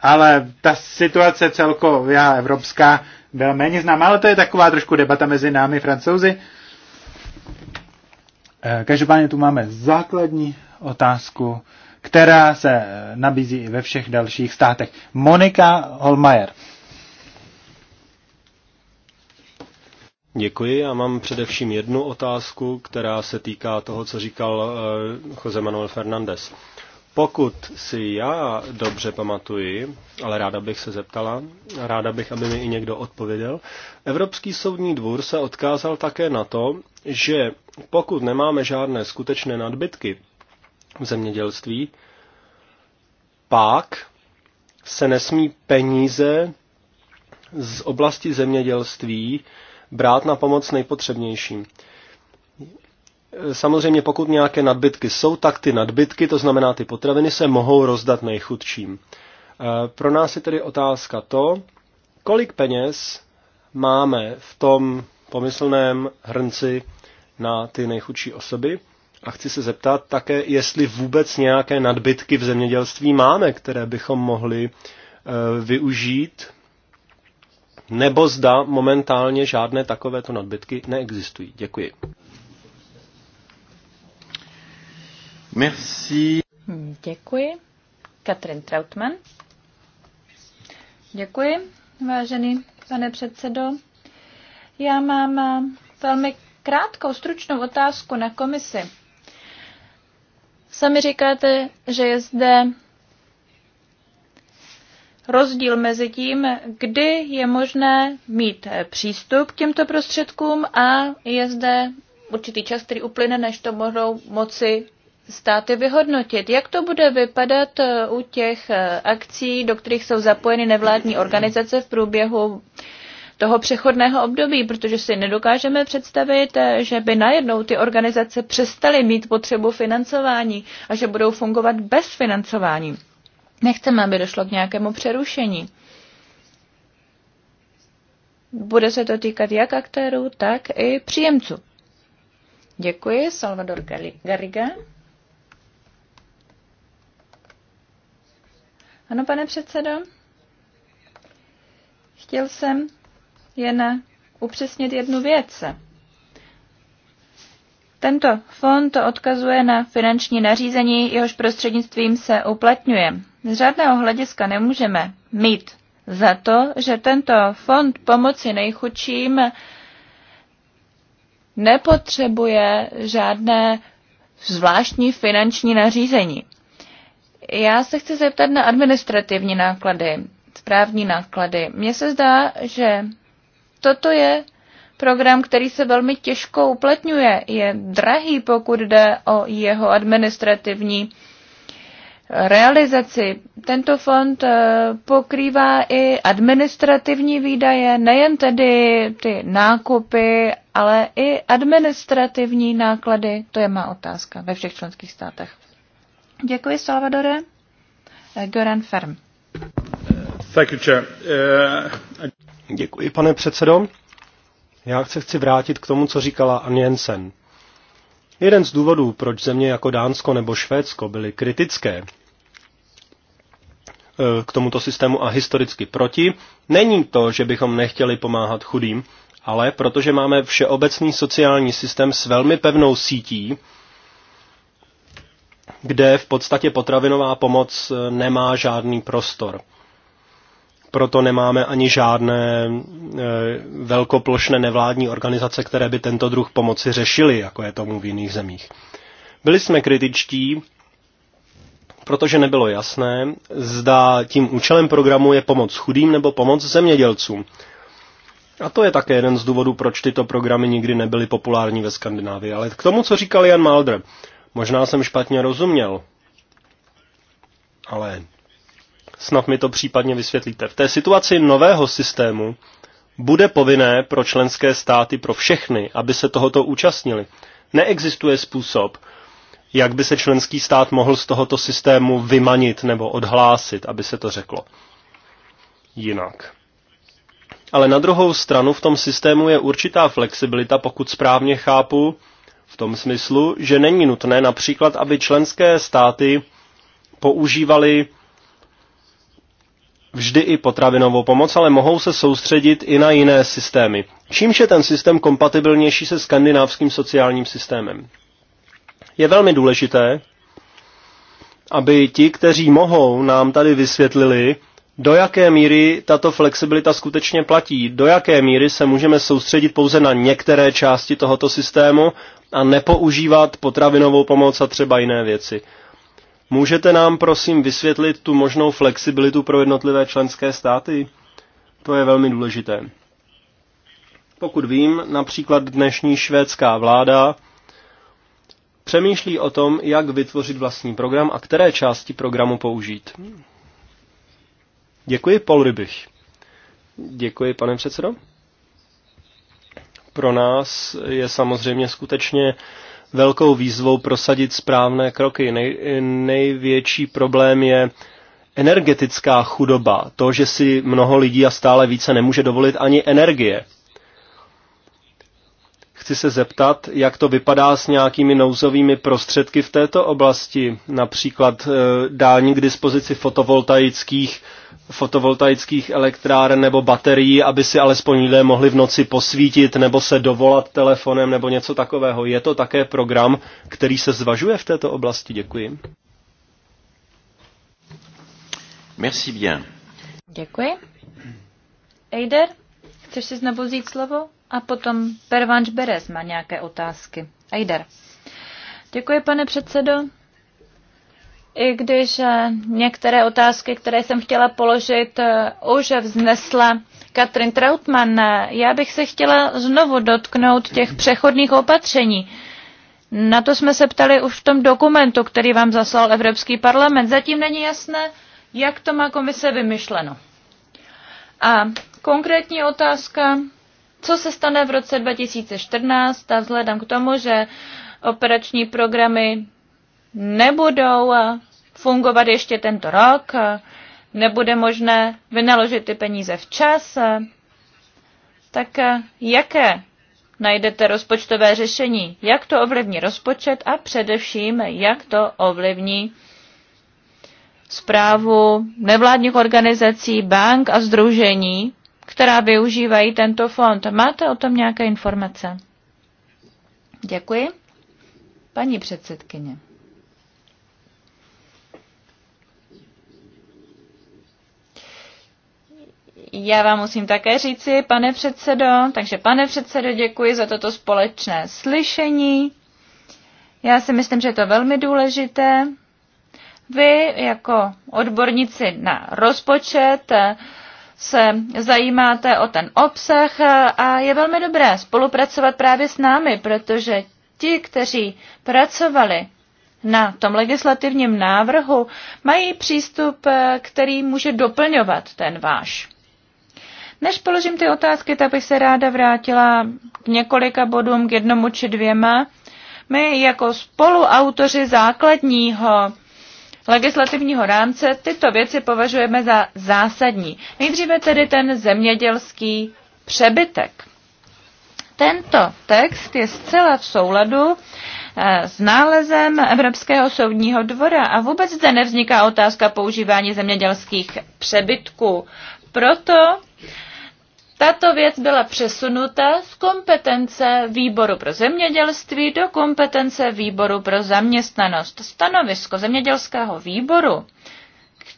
ale ta situace celkově evropská byla méně známá, ale to je taková trošku debata mezi námi francouzi. Eh, každopádně tu máme základní otázku, která se eh, nabízí i ve všech dalších státech. Monika Holmajer. Děkuji. Já mám především jednu otázku, která se týká toho, co říkal eh, Jose Manuel Fernández. Pokud si já dobře pamatuji, ale ráda bych se zeptala, ráda bych, aby mi i někdo odpověděl, Evropský soudní dvůr se odkázal také na to, že pokud nemáme žádné skutečné nadbytky v zemědělství, pak se nesmí peníze z oblasti zemědělství brát na pomoc nejpotřebnějším. Samozřejmě pokud nějaké nadbytky jsou, tak ty nadbytky, to znamená ty potraviny, se mohou rozdat nejchudším. E, pro nás je tedy otázka to, kolik peněz máme v tom pomyslném hrnci na ty nejchudší osoby. A chci se zeptat také, jestli vůbec nějaké nadbytky v zemědělství máme, které bychom mohli e, využít nebo zda momentálně žádné takovéto nadbytky neexistují. Děkuji. Merci. Děkuji. Katrin Trautmann. Děkuji, vážený pane předsedo. Já mám eh, velmi krátkou, stručnou otázku na komisi. Sami říkáte, že je zde rozdíl mezi tím, kdy je možné mít přístup k těmto prostředkům a je zde určitý čas, který uplyne, než to mohou moci státy vyhodnotit. Jak to bude vypadat eh, u těch eh, akcí, do kterých jsou zapojeny nevládní organizace v průběhu toho přechodného období, protože si nedokážeme představit, eh, že by najednou ty organizace přestaly mít potřebu financování a že budou fungovat bez financování. Nechceme, aby došlo k nějakému přerušení. Bude se to týkat jak aktérů, tak i příjemců. Děkuji, Salvador Garriga. Ano, pane předsedo. Chtěl jsem jen upřesnit jednu věc. Tento fond odkazuje na finanční nařízení, jehož prostřednictvím se uplatňuje. Z žádného hlediska nemůžeme mít za to, že tento fond pomoci nejchudším nepotřebuje žádné zvláštní finanční nařízení. Já se chci zeptat na administrativní náklady, správní náklady. Mně se zdá, že toto je program, který se velmi těžko uplatňuje, je drahý, pokud jde o jeho administrativní realizaci. Tento fond eh, pokrývá i administrativní výdaje, nejen tedy ty nákupy, ale i administrativní náklady. To je má otázka ve všech členských státech. Děkuji, Salvadore. Eh, Goran Ferm. Eh, Děkuji, pane předsedo. Já se chci vrátit k tomu, co říkala Ann Jensen. Jeden z důvodů, proč země jako Dánsko nebo Švédsko byly kritické e, k tomuto systému a historicky proti, není to, že bychom nechtěli pomáhat chudým, ale protože máme všeobecný sociální systém s velmi pevnou sítí, kde v podstatě potravinová pomoc e, nemá žádný prostor proto nemáme ani žádné e, velkoplošné nevládní organizace, které by tento druh pomoci řešily, jako je tomu v jiných zemích. Byli jsme kritičtí, protože nebylo jasné, zda tím účelem programu je pomoc chudým nebo pomoc zemědělcům. A to je také jeden z důvodů, proč tyto programy nikdy nebyly populární ve Skandinávii. Ale k tomu, co říkal Jan Malder, možná jsem špatně rozuměl, ale snad mi to případně vysvětlíte. V té situaci nového systému bude povinné pro členské státy, pro všechny, aby se tohoto účastnili. Neexistuje způsob, jak by se členský stát mohl z tohoto systému vymanit nebo odhlásit, aby se to řeklo. Jinak. Ale na druhou stranu v tom systému je určitá flexibilita, pokud správně chápu, v tom smyslu, že není nutné například, aby členské státy používaly vždy i potravinovou pomoc, ale mohou se soustředit i na jiné systémy. Čímž je ten systém kompatibilnější se skandinávským sociálním systémem? Je velmi důležité, aby ti, kteří mohou, nám tady vysvětlili, do jaké míry tato flexibilita skutečně platí, do jaké míry se můžeme soustředit pouze na některé části tohoto systému a nepoužívat potravinovou pomoc a třeba jiné věci. Můžete nám prosím vysvětlit tu možnou flexibilitu pro jednotlivé členské státy? To je velmi důležité. Pokud vím, například dnešní švédská vláda přemýšlí o tom, jak vytvořit vlastní program a které části programu použít. Děkuji, Paul Rybich. Děkuji, pane předsedo. Pro nás je samozřejmě skutečně velkou výzvou prosadit správné kroky. Nej, největší problém je energetická chudoba, to, že si mnoho lidí a stále více nemůže dovolit ani energie. Chci se zeptat, jak to vypadá s nějakými nouzovými prostředky v této oblasti, například eh, dání k dispozici fotovoltaických, fotovoltaických elektráren nebo baterií, aby si alespoň lidé mohli v noci posvítit nebo se dovolat telefonem nebo něco takového. Je to také program, který se zvažuje v této oblasti? Děkuji. Merci bien. Děkuji. Eider, chceš si znovu vzít slovo? a potom Pervanč Beres má nějaké otázky. Ajder. Děkuji, pane předsedo. I když eh, některé otázky, které jsem chtěla položit, eh, už vznesla Katrin Trautmann, eh, já bych se chtěla znovu dotknout těch přechodných opatření. Na to jsme se ptali už v tom dokumentu, který vám zaslal Evropský parlament. Zatím není jasné, jak to má komise vymyšleno. A konkrétní otázka co se stane v roce 2014 a vzhledem k tomu, že operační programy nebudou fungovat ještě tento rok, nebude možné vynaložit ty peníze včas, tak jaké najdete rozpočtové řešení? Jak to ovlivní rozpočet a především, jak to ovlivní zprávu nevládních organizací, bank a združení, která využívají tento fond. Máte o tom nějaké informace? Děkuji. Paní předsedkyně. Já vám musím také říci, pane předsedo, takže pane předsedo, děkuji za toto společné slyšení. Já si myslím, že je to velmi důležité. Vy jako odborníci na rozpočet se zajímáte o ten obsah a je velmi dobré spolupracovat právě s námi, protože ti, kteří pracovali na tom legislativním návrhu, mají přístup, který může doplňovat ten váš. Než položím ty otázky, tak bych se ráda vrátila k několika bodům, k jednomu či dvěma. My jako spoluautoři základního legislativního rámce tyto věci považujeme za zásadní. Nejdříve tedy ten zemědělský přebytek. Tento text je zcela v souladu eh, s nálezem Evropského soudního dvora a vůbec zde nevzniká otázka používání zemědělských přebytků. Proto tato věc byla přesunuta z kompetence výboru pro zemědělství do kompetence výboru pro zaměstnanost. Stanovisko zemědělského výboru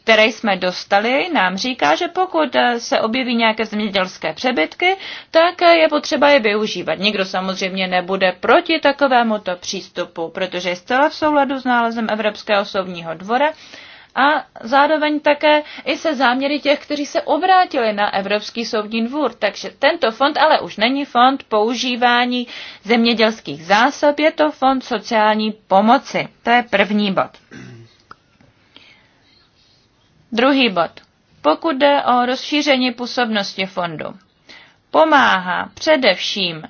které jsme dostali, nám říká, že pokud se objeví nějaké zemědělské přebytky, tak je potřeba je využívat. Nikdo samozřejmě nebude proti takovémuto přístupu, protože je zcela v souladu s nálezem Evropského soudního dvora, a zároveň také i se záměry těch, kteří se obrátili na Evropský soudní dvůr. Takže tento fond ale už není fond používání zemědělských zásob, je to fond sociální pomoci. To je první bod. Druhý bod. Pokud jde o rozšíření působnosti fondu, pomáhá především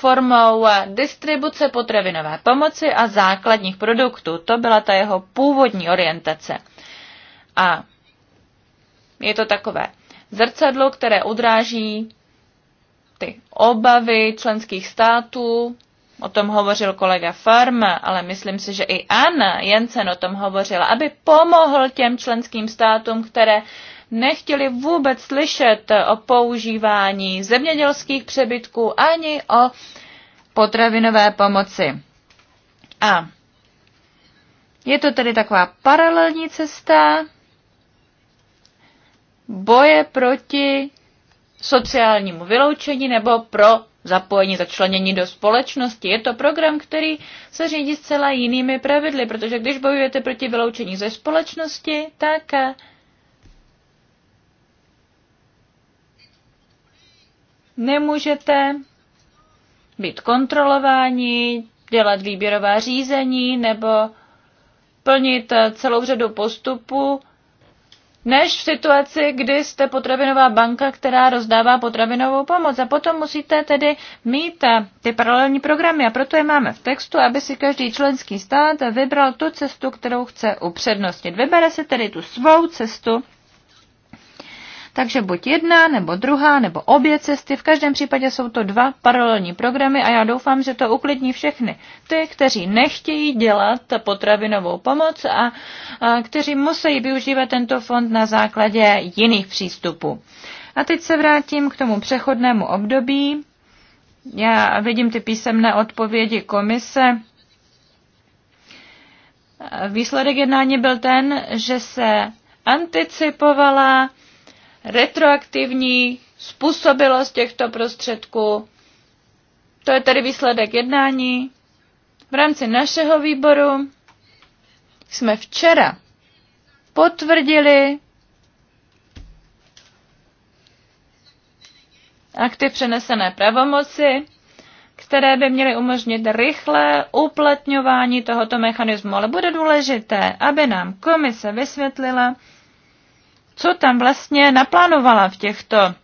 formou eh, distribuce potravinové pomoci a základních produktů. To byla ta jeho původní orientace. A je to takové zrcadlo, které odráží ty obavy členských států. O tom hovořil kolega Farm, ale myslím si, že i Anna Jensen o tom hovořila, aby pomohl těm členským státům, které nechtěli vůbec slyšet o používání zemědělských přebytků ani o potravinové pomoci. A je to tedy taková paralelní cesta boje proti sociálnímu vyloučení nebo pro zapojení, začlenění do společnosti. Je to program, který se řídí zcela jinými pravidly, protože když bojujete proti vyloučení ze společnosti, tak nemůžete být kontrolováni, dělat výběrová řízení nebo plnit celou řadu postupů, než v situaci, kdy jste potravinová banka, která rozdává potravinovou pomoc. A potom musíte tedy mít ty paralelní programy a proto je máme v textu, aby si každý členský stát vybral tu cestu, kterou chce upřednostnit. Vybere si tedy tu svou cestu, takže buď jedna, nebo druhá, nebo obě cesty. V každém případě jsou to dva paralelní programy a já doufám, že to uklidní všechny. Ty, kteří nechtějí dělat potravinovou pomoc a, a kteří musí využívat tento fond na základě jiných přístupů. A teď se vrátím k tomu přechodnému období. Já vidím ty písemné odpovědi komise. Výsledek jednání byl ten, že se anticipovala retroaktivní způsobilost těchto prostředků. To je tedy výsledek jednání. V rámci našeho výboru jsme včera potvrdili akty přenesené pravomoci, které by měly umožnit rychlé uplatňování tohoto mechanismu. Ale bude důležité, aby nám komise vysvětlila, co tam vlastně naplánovala v těchto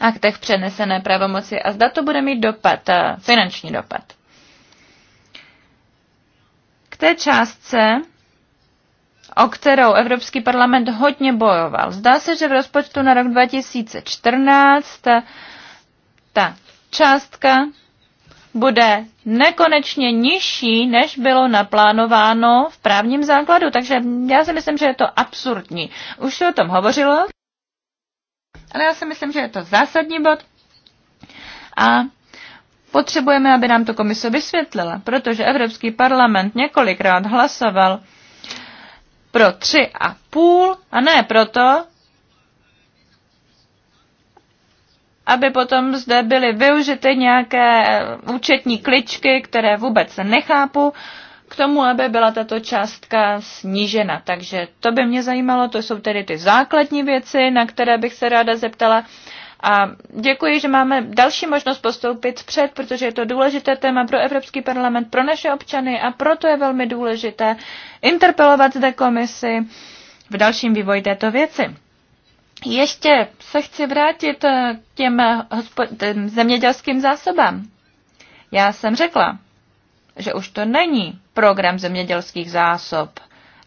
aktech přenesené pravomoci a zda to bude mít dopad, eh, finanční dopad. K té částce, o kterou Evropský parlament hodně bojoval. Zdá se, že v rozpočtu na rok 2014 eh, ta částka bude nekonečně nižší, než bylo naplánováno v právním základu. Takže já si myslím, že je to absurdní. Už se o tom hovořilo, ale já si myslím, že je to zásadní bod. A potřebujeme, aby nám to komise vysvětlila, protože Evropský parlament několikrát hlasoval pro tři a půl a ne proto, aby potom zde byly využity nějaké účetní kličky, které vůbec nechápu, k tomu, aby byla tato částka snížena. Takže to by mě zajímalo, to jsou tedy ty základní věci, na které bych se ráda zeptala. A děkuji, že máme další možnost postoupit před, protože je to důležité téma pro Evropský parlament, pro naše občany a proto je velmi důležité interpelovat zde komisi v dalším vývoji této věci. Ještě se chci vrátit eh, těm, eh, těm zemědělským zásobám. Já jsem řekla, že už to není program zemědělských zásob,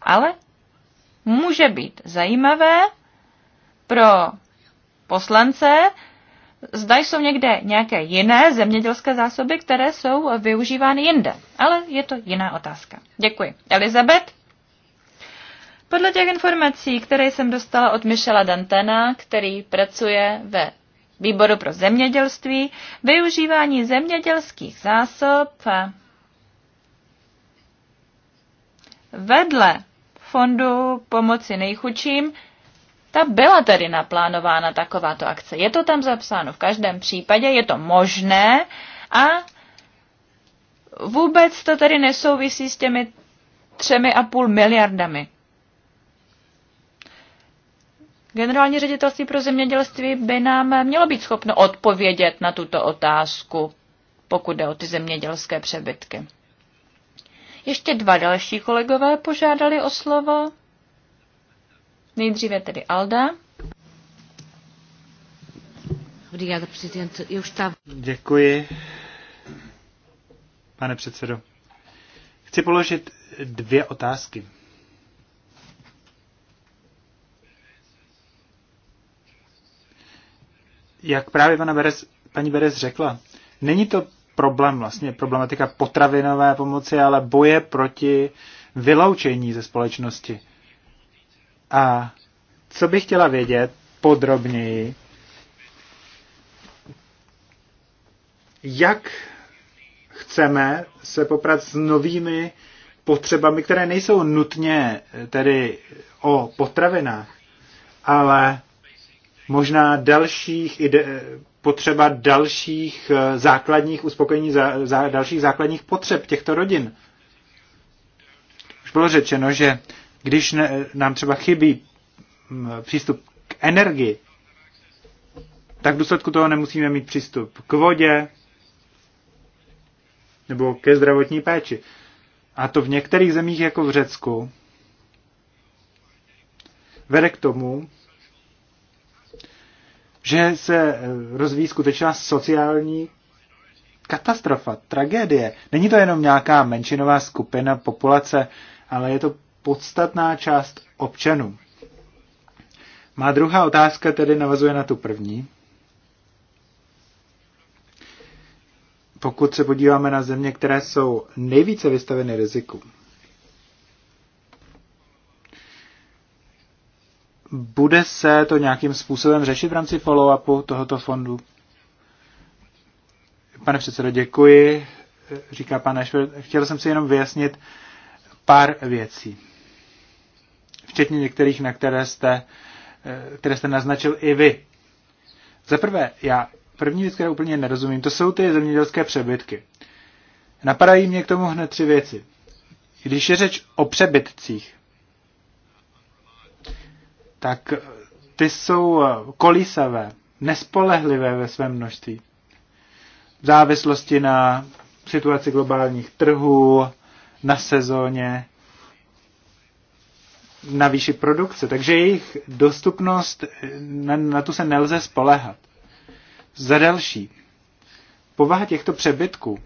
ale může být zajímavé pro poslance, zda jsou někde nějaké jiné zemědělské zásoby, které jsou využívány jinde. Ale je to jiná otázka. Děkuji. Elizabeth? Podle těch informací, které jsem dostala od Michela Dantena, který pracuje ve Výboru pro zemědělství, využívání zemědělských zásob eh, vedle fondu pomoci nejchučím, ta byla tedy naplánována takováto akce. Je to tam zapsáno v každém případě, je to možné a vůbec to tedy nesouvisí s těmi třemi a půl miliardami. Generální ředitelství pro zemědělství by nám mělo být schopno odpovědět na tuto otázku, pokud jde o ty zemědělské přebytky. Ještě dva další kolegové požádali o slovo. Nejdříve tedy Alda. Děkuji, pane předsedo. Chci položit dvě otázky. jak právě pana Beres, paní Beres řekla, není to problém vlastně, problematika potravinové pomoci, ale boje proti vyloučení ze společnosti. A co bych chtěla vědět podrobněji, jak chceme se poprat s novými potřebami, které nejsou nutně tedy o potravinách, ale možná dalších ide, potřeba dalších eh, základních uspokojení, za, za, dalších základních potřeb těchto rodin. Už bylo řečeno, že když ne, nám třeba chybí mm, přístup k energii, tak v důsledku toho nemusíme mít přístup k vodě nebo ke zdravotní péči. A to v některých zemích, jako v Řecku, vede k tomu, že se eh, rozvíjí skutečná sociální katastrofa, tragédie. Není to jenom nějaká menšinová skupina populace, ale je to podstatná část občanů. Má druhá otázka tedy navazuje na tu první. Pokud se podíváme na země, které jsou nejvíce vystaveny riziku, Bude se to nějakým způsobem řešit v rámci follow-upu tohoto fondu? Pane předsedo, děkuji, říká pan Ashford. Chtěl jsem si jenom vyjasnit pár věcí. Včetně některých, na které jste, eh, které jste naznačil i vy. Za prvé, já první věc, kterou úplně nerozumím, to jsou ty zemědělské přebytky. Napadají mě k tomu hned tři věci. Když je řeč o přebytcích, tak ty jsou kolísavé, nespolehlivé ve svém množství. V závislosti na situaci globálních trhů, na sezóně, na výši produkce. Takže jejich dostupnost, na, na tu se nelze spolehat. Za další, povaha těchto přebytků,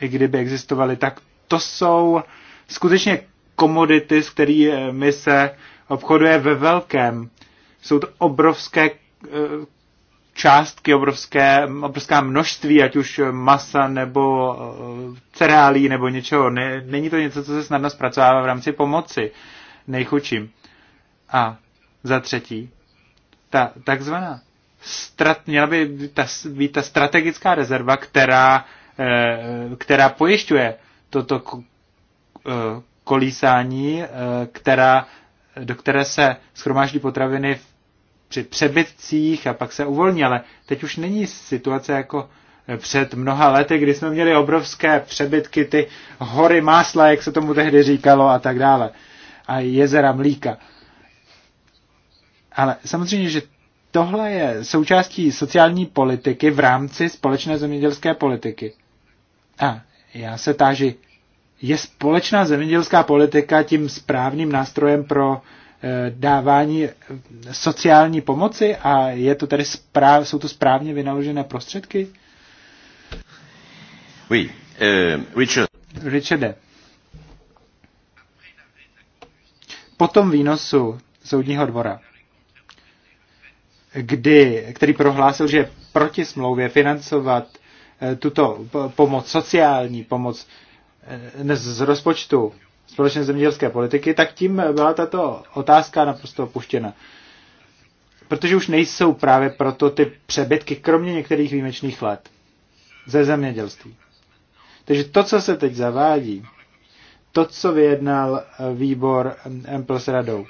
i kdyby existovaly, tak to jsou skutečně komodity, s kterými eh, se obchoduje ve velkém. Jsou to obrovské eh, částky, obrovské, obrovská množství, ať už masa nebo eh, cereálí nebo něčeho. není to něco, co se snadno zpracovává v rámci pomoci nejchučím. A za třetí, ta takzvaná strat, měla by ta, být ta strategická rezerva, která, eh, která pojišťuje toto kolísání, která do které se schromáždí potraviny v, při přebytcích a pak se uvolní, ale teď už není situace jako eh, před mnoha lety, kdy jsme měli obrovské přebytky, ty hory másla, jak se tomu tehdy říkalo a tak dále, a jezera mlíka. Ale samozřejmě, že tohle je součástí sociální politiky v rámci společné zemědělské politiky. A já se táži, je společná zemědělská politika tím správným nástrojem pro eh, dávání eh, sociální pomoci a je to tedy správ, jsou to správně vynaložené prostředky? Oui, uh, Richard. Richarde. Po tom výnosu soudního dvora, kdy, který prohlásil, že proti smlouvě financovat tuto pomoc, sociální pomoc, z rozpočtu společné zemědělské politiky, tak tím byla tato otázka naprosto opuštěna. Protože už nejsou právě proto ty přebytky, kromě některých výjimečných let, ze zemědělství. Takže to, co se teď zavádí, to, co vyjednal výbor M plus radou,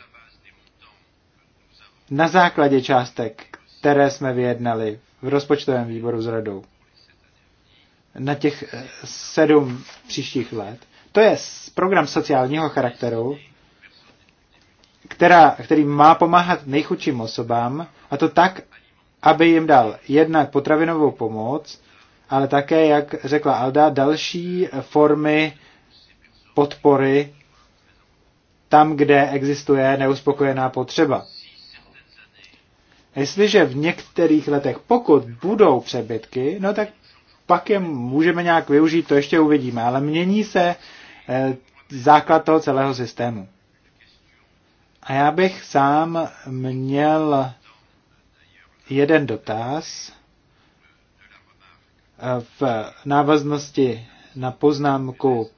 na základě částek, které jsme vyjednali v rozpočtovém výboru s radou, na těch eh, sedm příštích let. To je program sociálního charakteru, která, který má pomáhat nejchudším osobám, a to tak, aby jim dal jednak potravinovou pomoc, ale také, jak řekla Alda, další formy podpory tam, kde existuje neuspokojená potřeba. Jestliže v některých letech, pokud budou přebytky, no tak pak je můžeme nějak využít, to ještě uvidíme, ale mění se eh, základ toho celého systému. A já bych sám měl jeden dotaz eh, v návaznosti na poznámku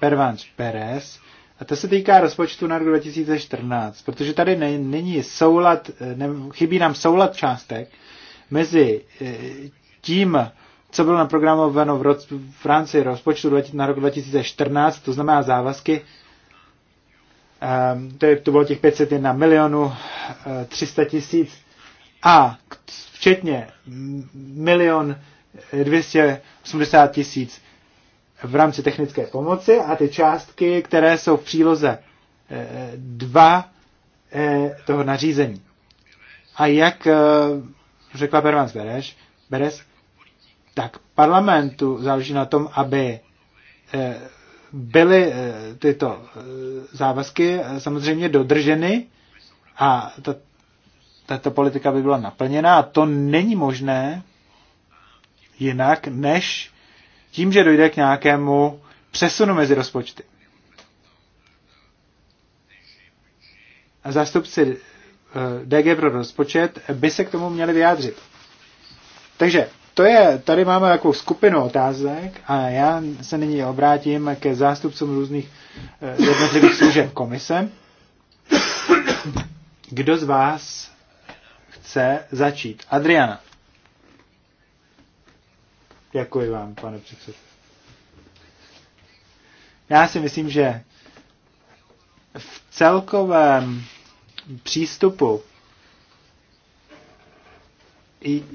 Pervans Perez. A to se týká rozpočtu na rok 2014, protože tady není soulad, eh, ne, chybí nám soulad částek mezi tím, co bylo naprogramováno v, roc, v rámci rozpočtu na rok 2014, to znamená závazky, ehm, to, je, to bylo těch 501 milionů 300 eh, tisíc a včetně milion 280 tisíc v rámci technické pomoci a ty částky, které jsou v příloze 2 eh, eh, toho nařízení. A jak řekla Pervans Bereš, Beres, tak parlamentu záleží na tom, aby eh, byly eh, tyto eh, závazky samozřejmě dodrženy a ta, tato politika by byla naplněna a to není možné jinak, než tím, že dojde k nějakému přesunu mezi rozpočty. A zástupci DG pro rozpočet by se k tomu měli vyjádřit. Takže to je, tady máme takovou skupinu otázek a já se nyní obrátím ke zástupcům různých eh, jednotlivých služeb komise. Kdo z vás chce začít? Adriana. Děkuji vám, pane předsed. Já si myslím, že v celkovém přístupu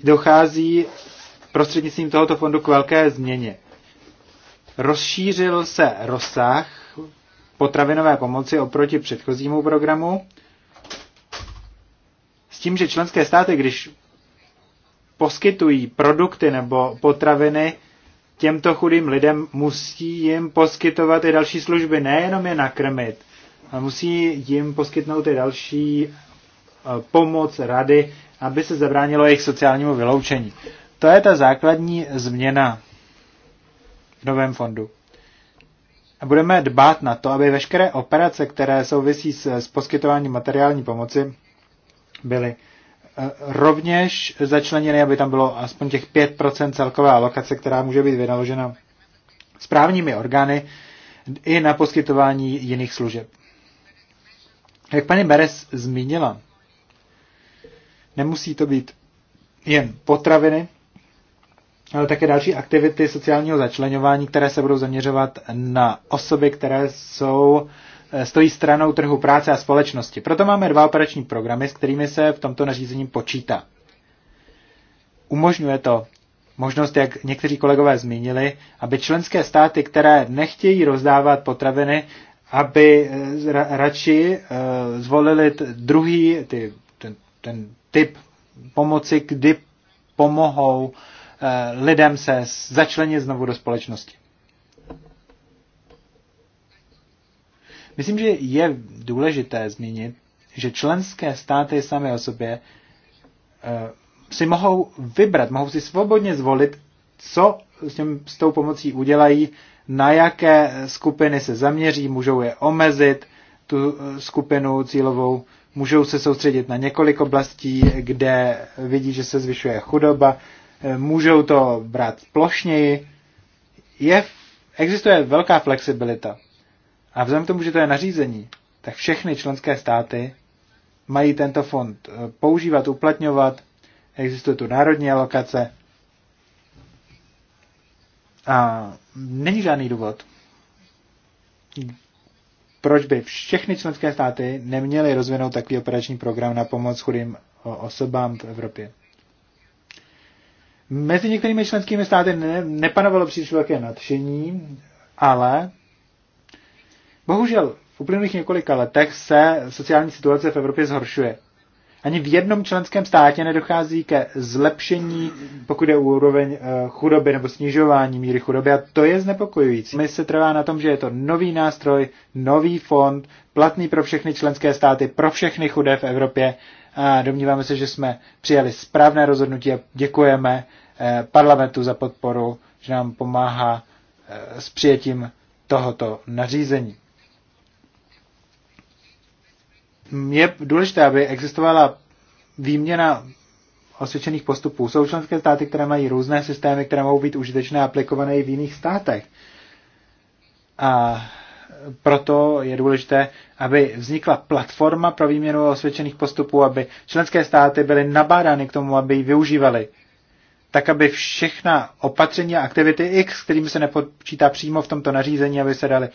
dochází prostřednictvím tohoto fondu k velké změně. Rozšířil se rozsah potravinové pomoci oproti předchozímu programu s tím, že členské státy, když poskytují produkty nebo potraviny těmto chudým lidem, musí jim poskytovat i další služby, nejenom je nakrmit, ale musí jim poskytnout i další eh, pomoc, rady, aby se zabránilo jejich sociálnímu vyloučení. To je ta základní změna v novém fondu. A budeme dbát na to, aby veškeré operace, které souvisí s, s poskytováním materiální pomoci, byly eh, rovněž začleněny, aby tam bylo aspoň těch 5% celkové alokace, která může být vynaložena správními orgány i na poskytování jiných služeb. Jak paní Beres zmínila, nemusí to být jen potraviny, ale také další aktivity sociálního začlenování, které se budou zaměřovat na osoby, které jsou, eh, stojí stranou trhu práce a společnosti. Proto máme dva operační programy, s kterými se v tomto nařízení počítá. Umožňuje to možnost, jak někteří kolegové zmínili, aby členské státy, které nechtějí rozdávat potraviny, aby eh, radši eh, zvolili druhý ty, ten, ten typ pomoci, kdy pomohou uh, Eh, lidem se začlenit znovu do společnosti. Myslím, že je důležité zmínit, že členské státy samé o sobě eh, si mohou vybrat, mohou si svobodně zvolit, co s, těm, s tou pomocí udělají, na jaké skupiny se zaměří, můžou je omezit, tu eh, skupinu cílovou, můžou se soustředit na několik oblastí, kde vidí, že se zvyšuje chudoba, můžou to brát plošněji. Je, existuje velká flexibilita. A vzhledem k tomu, že to je nařízení, tak všechny členské státy mají tento fond eh, používat, uplatňovat. Existuje tu národní alokace. A není žádný důvod, proč by všechny členské státy neměly rozvinout takový operační program na pomoc chudým osobám v Evropě. Mezi některými členskými státy ne, nepanovalo příliš velké nadšení, ale bohužel v uplynulých několika letech se sociální situace v Evropě zhoršuje. Ani v jednom členském státě nedochází ke zlepšení, pokud je úroveň eh, chudoby nebo snižování míry chudoby a to je znepokojující. My se trvá na tom, že je to nový nástroj, nový fond, platný pro všechny členské státy, pro všechny chudé v Evropě a domníváme se, že jsme přijali správné rozhodnutí a děkujeme eh, parlamentu za podporu, že nám pomáhá eh, s přijetím tohoto nařízení. Je důležité, aby existovala výměna osvědčených postupů. Jsou členské státy, které mají různé systémy, které mohou být užitečné a aplikované i v jiných státech. A proto je důležité, aby vznikla platforma pro výměnu osvědčených postupů, aby členské státy byly nabádány k tomu, aby ji využívali. Tak, aby všechna opatření a aktivity X, kterými se nepočítá přímo v tomto nařízení, aby se daly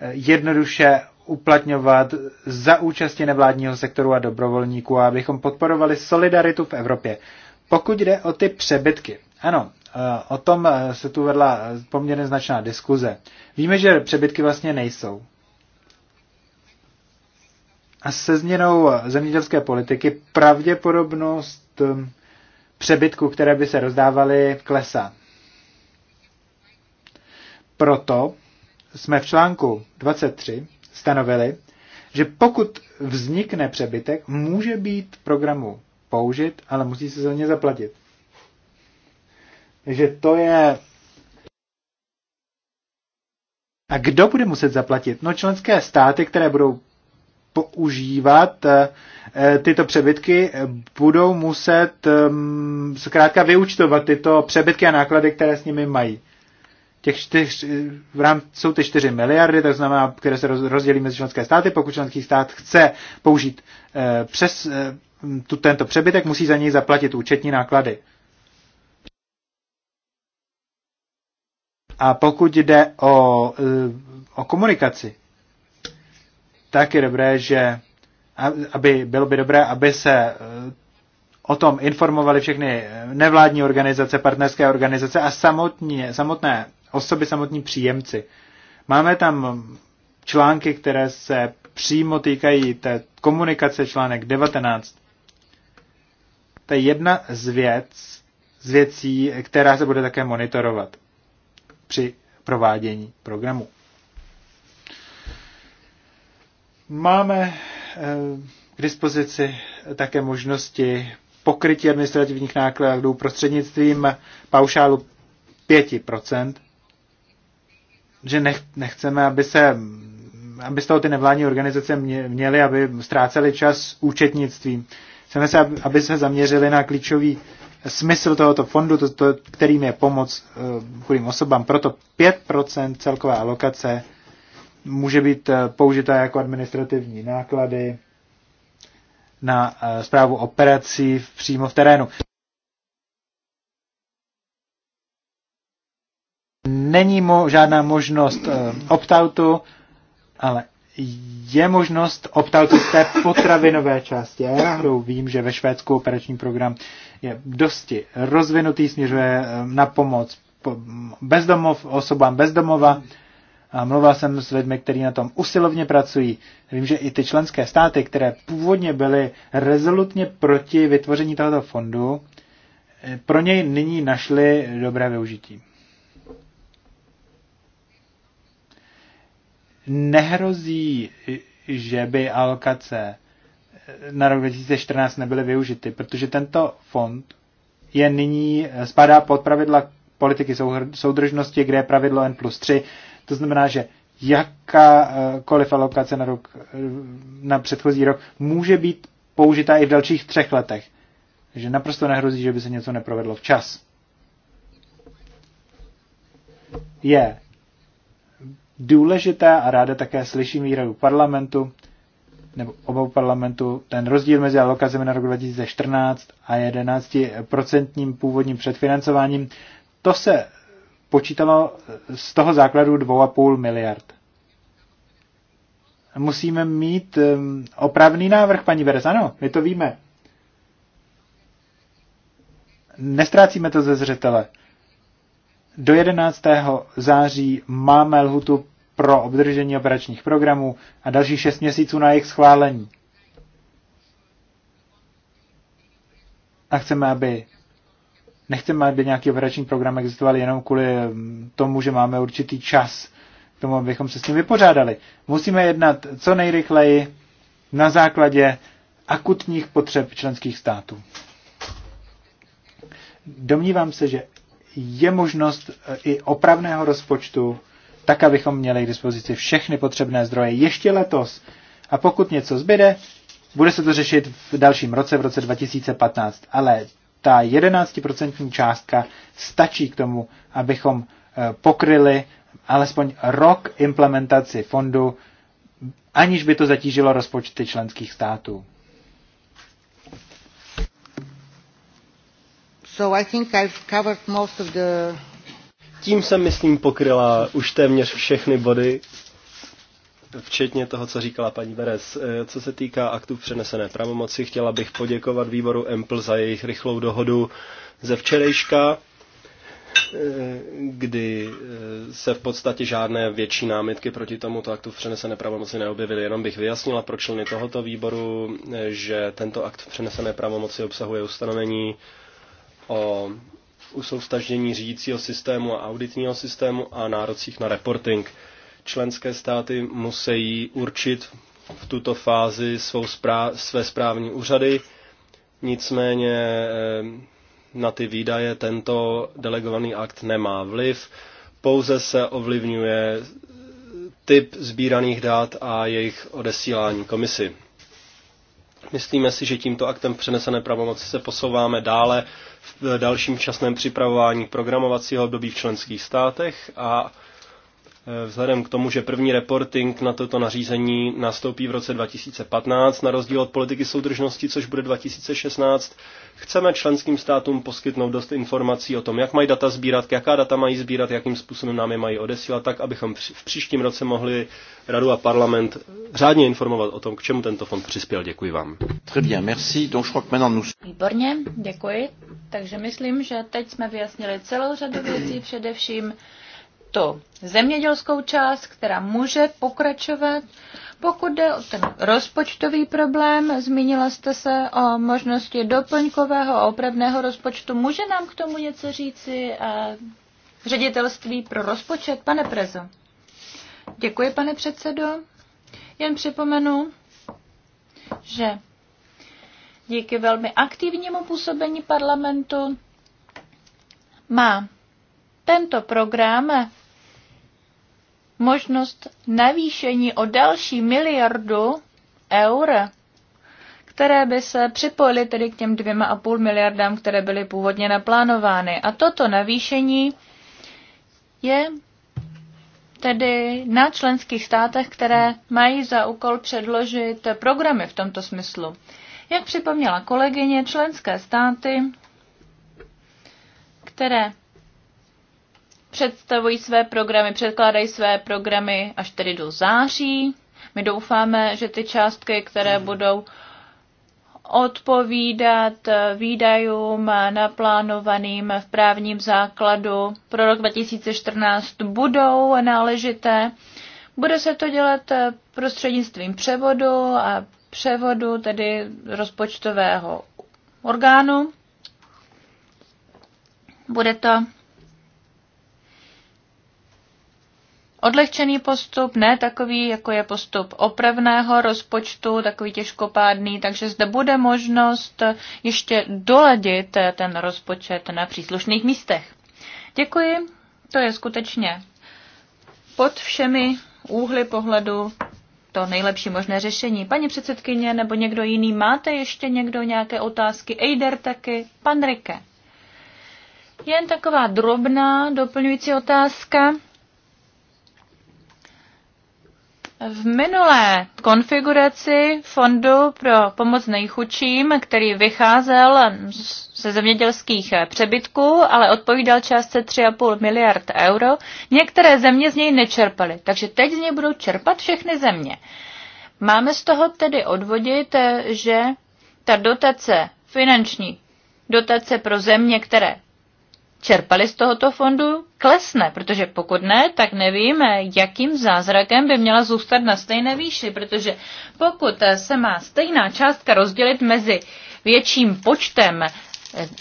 eh, jednoduše uplatňovat za účasti nevládního sektoru a dobrovolníků a abychom podporovali solidaritu v Evropě. Pokud jde o ty přebytky, ano, Eh, o tom eh, se tu vedla eh, poměrně značná diskuze. Víme, že přebytky vlastně nejsou. A se změnou zemědělské politiky pravděpodobnost přebytku, které by se rozdávaly, klesá. Proto jsme v článku 23 stanovili, že pokud vznikne přebytek, může být programu použit, ale musí se za ně zaplatit že to je... A kdo bude muset zaplatit? No členské státy, které budou používat eh, eh, tyto přebytky, budou muset ehm, zkrátka vyúčtovat tyto přebytky a náklady, které s nimi mají. Těch čtyř, v rámci, jsou ty 4 miliardy, to znamená, které se rozdělí mezi členské státy. Pokud členský stát chce použít eh, přes tu, tento přebytek, musí za něj zaplatit účetní náklady. A pokud jde o, eh, o komunikaci, tak je dobré, že aby, bylo by dobré, aby se eh, o tom informovali všechny eh, nevládní organizace, partnerské organizace a samotní, samotné osoby, samotní příjemci. Máme tam články, které se přímo týkají té komunikace, článek 19. To je jedna z věc, z věcí, která se bude také monitorovat při provádění programu. Máme eh, k dispozici také možnosti pokrytí administrativních nákladů prostřednictvím paušálu 5%, že nechceme, aby se aby z toho ty nevládní organizace měly, aby ztrácely čas účetnictvím. Chceme se, aby se zaměřili na klíčový smysl tohoto fondu, to, to, kterým je pomoc eh, chudým osobám. Proto 5% celkové alokace může být eh, použita jako administrativní náklady na eh, zprávu operací přímo v terénu. Není mo- žádná možnost opt-outu, ale je možnost opt-outu z té potravinové části. Já vím, že ve Švédsku operační program je dosti rozvinutý, směřuje eh, na pomoc bezdomov, osobám bezdomova. A mluvil jsem s lidmi, kteří na tom usilovně pracují. Vím, že i ty členské státy, které původně byly rezolutně proti vytvoření tohoto fondu, eh, pro něj nyní našli dobré využití. Nehrozí, že by alokace na rok 2014 nebyly využity, protože tento fond je nyní, spadá pod pravidla politiky soudržnosti, kde je pravidlo N plus 3. To znamená, že jakákoliv alokace na, rok, na předchozí rok může být použitá i v dalších třech letech. Takže naprosto nehrozí, že by se něco neprovedlo včas. Je důležité a ráda také slyším výradu parlamentu nebo obou parlamentů ten rozdíl mezi alokacemi na rok 2014 a 11% původním předfinancováním, to se počítalo z toho základu 2,5 miliard. Musíme mít um, opravný návrh, paní Beres. Ano, my to víme. Nestrácíme to ze zřetele. Do 11. září máme lhutu pro obdržení operačních programů a dalších 6 měsíců na jejich schválení. A chceme, aby nechceme, aby nějaký operační program existoval jenom kvůli mm, tomu, že máme určitý čas k tomu, abychom se s tím vypořádali. Musíme jednat co nejrychleji na základě akutních potřeb členských států. Domnívám se, že je možnost e, i opravného rozpočtu, tak abychom měli k dispozici všechny potřebné zdroje ještě letos. A pokud něco zbyde, bude se to řešit v dalším roce, v roce 2015. Ale ta 11% částka stačí k tomu, abychom eh, pokryli alespoň rok implementaci fondu, aniž by to zatížilo rozpočty členských států. So I think I've covered most of the tím jsem, myslím, pokryla už téměř všechny body, včetně toho, co říkala paní Beres. Eh, co se týká aktů přenesené pravomoci, chtěla bych poděkovat výboru EMPL za jejich rychlou dohodu ze včerejška eh, kdy eh, se v podstatě žádné větší námitky proti tomuto aktu v přenesené pravomoci neobjevily. Jenom bych vyjasnila pro členy tohoto výboru, že tento akt v přenesené pravomoci obsahuje ustanovení o usoustažnění řídícího systému a auditního systému a nárocích na reporting. Členské státy musí určit v tuto fázi svou správ, své správní úřady, nicméně eh, na ty výdaje tento delegovaný akt nemá vliv, pouze se ovlivňuje typ sbíraných dát a jejich odesílání komisi. Myslíme si, že tímto aktem v přenesené pravomoci se posouváme dále v dalším časném připravování programovacího období v členských státech a Eh, vzhledem k tomu, že první reporting na toto nařízení nastoupí v roce 2015, na rozdíl od politiky soudržnosti, což bude 2016, chceme členským státům poskytnout dost informací o tom, jak mají data sbírat, jaká data mají sbírat, jakým způsobem nám je mají odesílat, tak abychom v příštím roce mohli Radu a parlament řádně informovat o tom, k čemu tento fond přispěl. Děkuji vám. Výborně, děkuji. Takže myslím, že teď jsme vyjasnili celou řadu věcí, především tu zemědělskou část, která může pokračovat. Pokud jde o ten rozpočtový problém, zmínila jste se o možnosti doplňkového a opravného rozpočtu. Může nám k tomu něco říci eh, ředitelství pro rozpočet, pane Prezo? Děkuji, pane předsedo. Jen připomenu, že díky velmi aktivnímu působení parlamentu má tento program možnost navýšení o další miliardu eur, které by se připojily tedy k těm dvěma a půl miliardám, které byly původně naplánovány. A toto navýšení je tedy na členských státech, které mají za úkol předložit programy v tomto smyslu. Jak připomněla kolegyně, členské státy, které představují své programy, předkládají své programy až tedy do září. My doufáme, že ty částky, které mhm. budou odpovídat výdajům naplánovaným v právním základu pro rok 2014, budou náležité. Bude se to dělat prostřednictvím převodu a převodu tedy rozpočtového orgánu. Bude to odlehčený postup, ne takový, jako je postup opravného rozpočtu, takový těžkopádný, takže zde bude možnost ještě doladit ten rozpočet na příslušných místech. Děkuji, to je skutečně pod všemi úhly pohledu to nejlepší možné řešení. Paní předsedkyně nebo někdo jiný, máte ještě někdo nějaké otázky? Eider taky, pan Rike. Jen taková drobná doplňující otázka. V minulé konfiguraci Fondu pro pomoc nejchučím, který vycházel ze zemědělských přebytků, ale odpovídal částce 3,5 miliard euro, některé země z něj nečerpaly. Takže teď z něj budou čerpat všechny země. Máme z toho tedy odvodit, že ta dotace finanční, dotace pro země, které čerpaly z tohoto fondu, klesne, protože pokud ne, tak nevíme, jakým zázrakem by měla zůstat na stejné výši, protože pokud se má stejná částka rozdělit mezi větším počtem eh,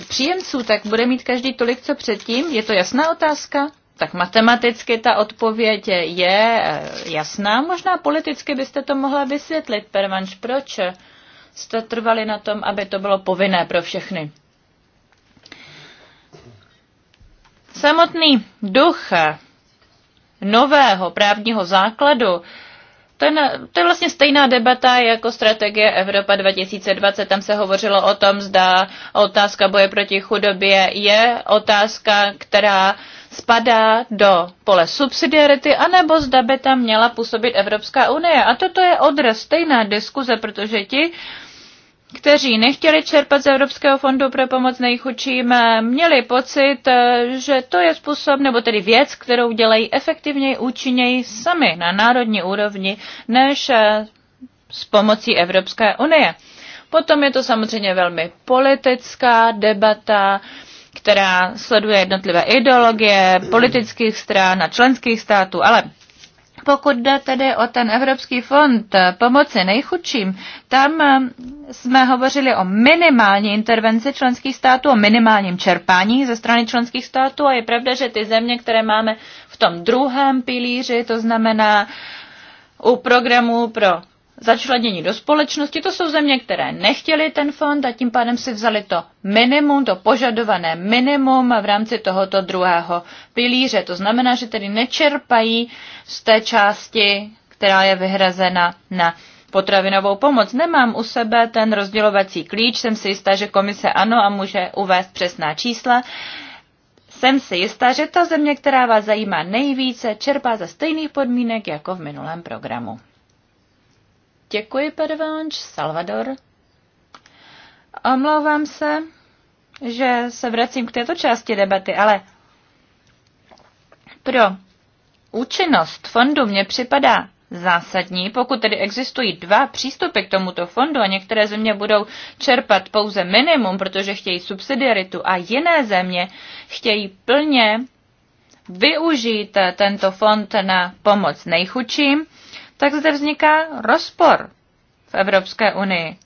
příjemců, tak bude mít každý tolik, co předtím. Je to jasná otázka? Tak matematicky ta odpověď je eh, jasná. Možná politicky byste to mohla vysvětlit, Pervanš, proč jste trvali na tom, aby to bylo povinné pro všechny. Samotný duch nového právního základu, ten, to je vlastně stejná debata jako strategie Evropa 2020. Tam se hovořilo o tom, zda otázka boje proti chudobě je otázka, která spadá do pole subsidiarity, anebo zda by tam měla působit Evropská unie. A toto je odraz stejná diskuze, protože ti, kteří nechtěli čerpat z Evropského fondu pro pomoc nejchudším, eh, měli pocit, eh, že to je způsob, nebo tedy věc, kterou dělají efektivněji, účinněji sami na národní úrovni, než eh, s pomocí Evropské unie. Potom je to samozřejmě velmi politická debata, která sleduje jednotlivé ideologie politických stran a členských států, ale pokud jde tedy o ten Evropský fond eh, pomoci nejchudším, tam eh, jsme hovořili o minimální intervenci členských států, o minimálním čerpání ze strany členských států a je pravda, že ty země, které máme v tom druhém pilíři, to znamená u programů pro začlenění do společnosti. To jsou země, které nechtěly ten fond a tím pádem si vzali to minimum, to požadované minimum v rámci tohoto druhého pilíře. To znamená, že tedy nečerpají z té části, která je vyhrazena na potravinovou pomoc. Nemám u sebe ten rozdělovací klíč, jsem si jistá, že komise ano a může uvést přesná čísla. Jsem si jistá, že ta země, která vás zajímá nejvíce, čerpá za stejných podmínek jako v minulém programu. Děkuji, Pervanč, Salvador. Omlouvám se, že se vracím k této části debaty, ale pro účinnost fondu mně připadá zásadní, pokud tedy existují dva přístupy k tomuto fondu a některé země budou čerpat pouze minimum, protože chtějí subsidiaritu a jiné země chtějí plně využít tento fond na pomoc nejchučím, tak zde vzniká rozpor v Evropské unii.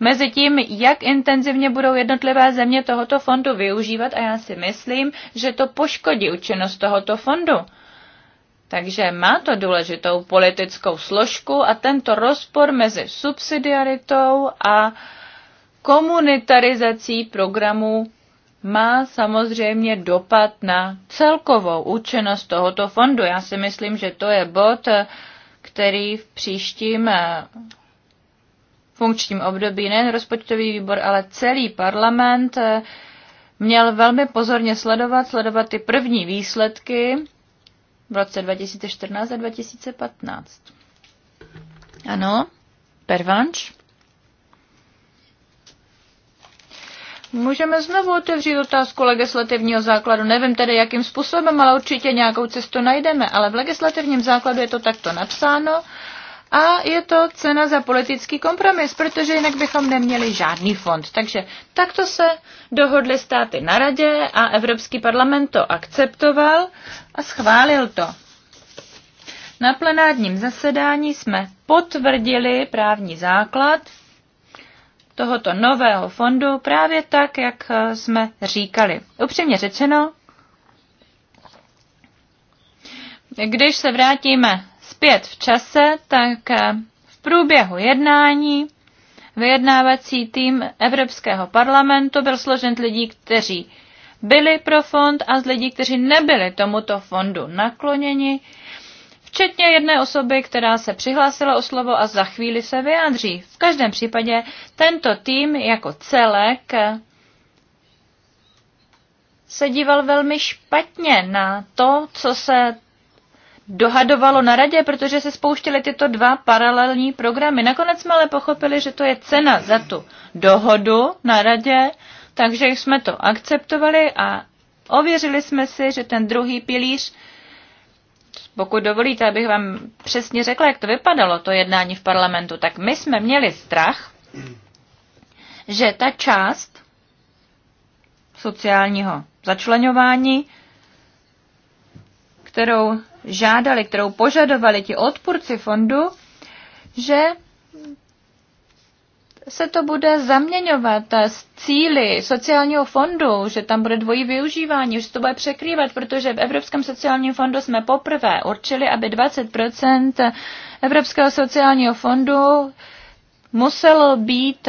Mezi tím, jak intenzivně budou jednotlivé země tohoto fondu využívat a já si myslím, že to poškodí účinnost tohoto fondu. Takže má to důležitou politickou složku a tento rozpor mezi subsidiaritou a komunitarizací programů má samozřejmě dopad na celkovou účinnost tohoto fondu. Já si myslím, že to je bod, který v příštím eh, funkčním období nejen rozpočtový výbor, ale celý parlament eh, měl velmi pozorně sledovat, sledovat ty první výsledky v roce 2014 a 2015. Ano, pervanč. Můžeme znovu otevřít otázku legislativního základu. Nevím tedy, jakým způsobem, ale určitě nějakou cestu najdeme. Ale v legislativním základu je to takto napsáno a je to cena za politický kompromis, protože jinak bychom neměli žádný fond. Takže takto se dohodly státy na radě a Evropský parlament to akceptoval a schválil to. Na plenárním zasedání jsme potvrdili právní základ tohoto nového fondu právě tak, jak eh, jsme říkali. Upřímně řečeno, když se vrátíme zpět v čase, tak eh, v průběhu jednání vyjednávací tým Evropského parlamentu byl složen lidí, kteří byli pro fond a z lidí, kteří nebyli tomuto fondu nakloněni včetně jedné osoby, která se přihlásila o slovo a za chvíli se vyjádří. V každém případě tento tým jako celek se díval velmi špatně na to, co se dohadovalo na radě, protože se spouštěly tyto dva paralelní programy. Nakonec jsme ale pochopili, že to je cena za tu dohodu na radě, takže jsme to akceptovali a ověřili jsme si, že ten druhý pilíř pokud dovolíte, abych vám přesně řekla, jak to vypadalo, to jednání v parlamentu, tak my jsme měli strach, že ta část sociálního začlenování, kterou žádali, kterou požadovali ti odpůrci fondu, že se to bude zaměňovat s cíly sociálního fondu, že tam bude dvojí využívání, že to bude překrývat, protože v Evropském sociálním fondu jsme poprvé určili, aby 20% Evropského sociálního fondu muselo být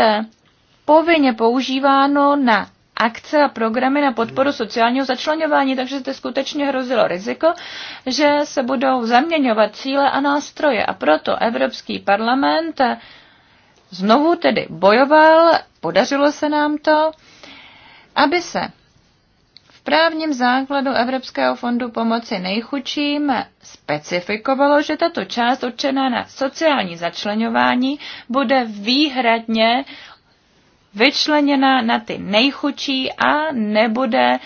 povinně používáno na akce a programy na podporu sociálního začlenování, takže zde skutečně hrozilo riziko, že se budou zaměňovat cíle a nástroje. A proto Evropský parlament znovu tedy bojoval, podařilo se nám to, aby se v právním základu Evropského fondu pomoci nejchučím specifikovalo, že tato část určená na sociální začlenování bude výhradně vyčleněna na ty nejchučí a nebude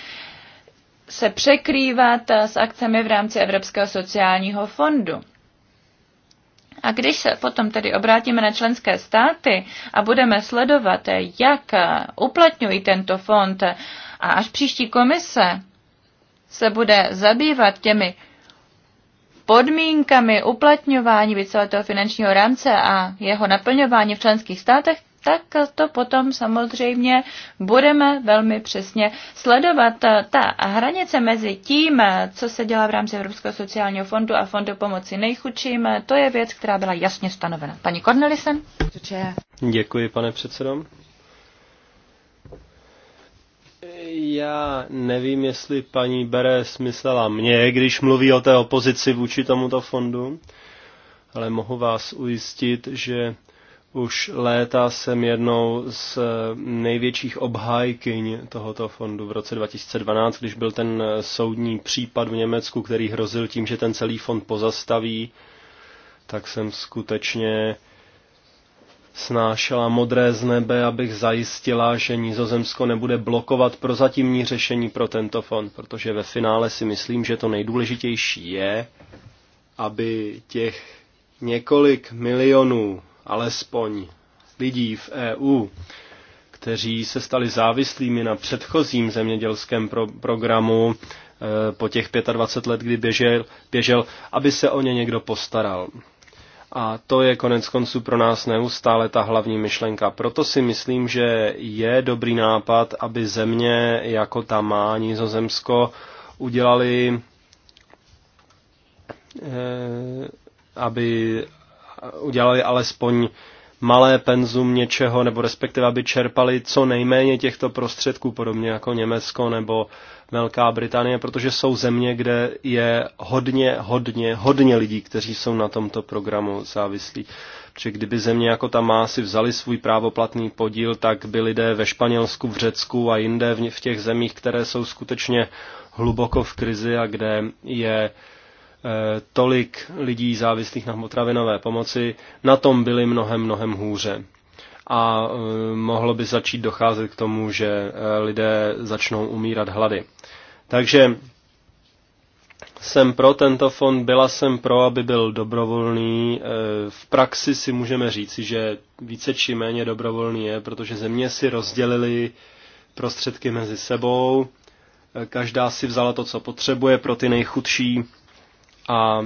se překrývat s akcemi v rámci Evropského sociálního fondu. A když se potom tedy obrátíme na členské státy a budeme sledovat, jak uplatňují tento fond a až příští komise se bude zabývat těmi podmínkami uplatňování víceletého finančního rámce a jeho naplňování v členských státech, tak to potom samozřejmě budeme velmi přesně sledovat. Ta hranice mezi tím, co se dělá v rámci Evropského sociálního fondu a fondu pomoci nejchudším, to je věc, která byla jasně stanovena. Paní Cornelisen? Děkuji, pane předsedo. Já nevím, jestli paní Bere smyslela mě, když mluví o té opozici vůči tomuto fondu, ale mohu vás ujistit, že už léta jsem jednou z eh, největších obhájkyň tohoto fondu v roce 2012, když byl ten eh, soudní případ v Německu, který hrozil tím, že ten celý fond pozastaví, tak jsem skutečně snášela modré z nebe, abych zajistila, že Nizozemsko nebude blokovat prozatímní řešení pro tento fond, protože ve finále si myslím, že to nejdůležitější je, aby těch několik milionů alespoň lidí v EU, kteří se stali závislými na předchozím zemědělském pro- programu e, po těch 25 let, kdy běžel, běžel, aby se o ně někdo postaral. A to je konec konců pro nás neustále ta hlavní myšlenka. Proto si myslím, že je dobrý nápad, aby země jako ta má Nizozemsko udělali, e, aby udělali alespoň malé penzum něčeho, nebo respektive aby čerpali co nejméně těchto prostředků, podobně jako Německo nebo Velká Británie, protože jsou země, kde je hodně, hodně, hodně lidí, kteří jsou na tomto programu závislí. Protože kdyby země jako ta má si vzali svůj právoplatný podíl, tak by lidé ve Španělsku, v Řecku a jinde v těch zemích, které jsou skutečně hluboko v krizi a kde je Eh, tolik lidí závislých na hmotravinové pomoci, na tom byli mnohem, mnohem hůře. A eh, mohlo by začít docházet k tomu, že eh, lidé začnou umírat hlady. Takže jsem pro tento fond, byla jsem pro, aby byl dobrovolný. V praxi si můžeme říci, že více či méně dobrovolný je, protože země si rozdělili prostředky mezi sebou, každá si vzala to, co potřebuje pro ty nejchudší, a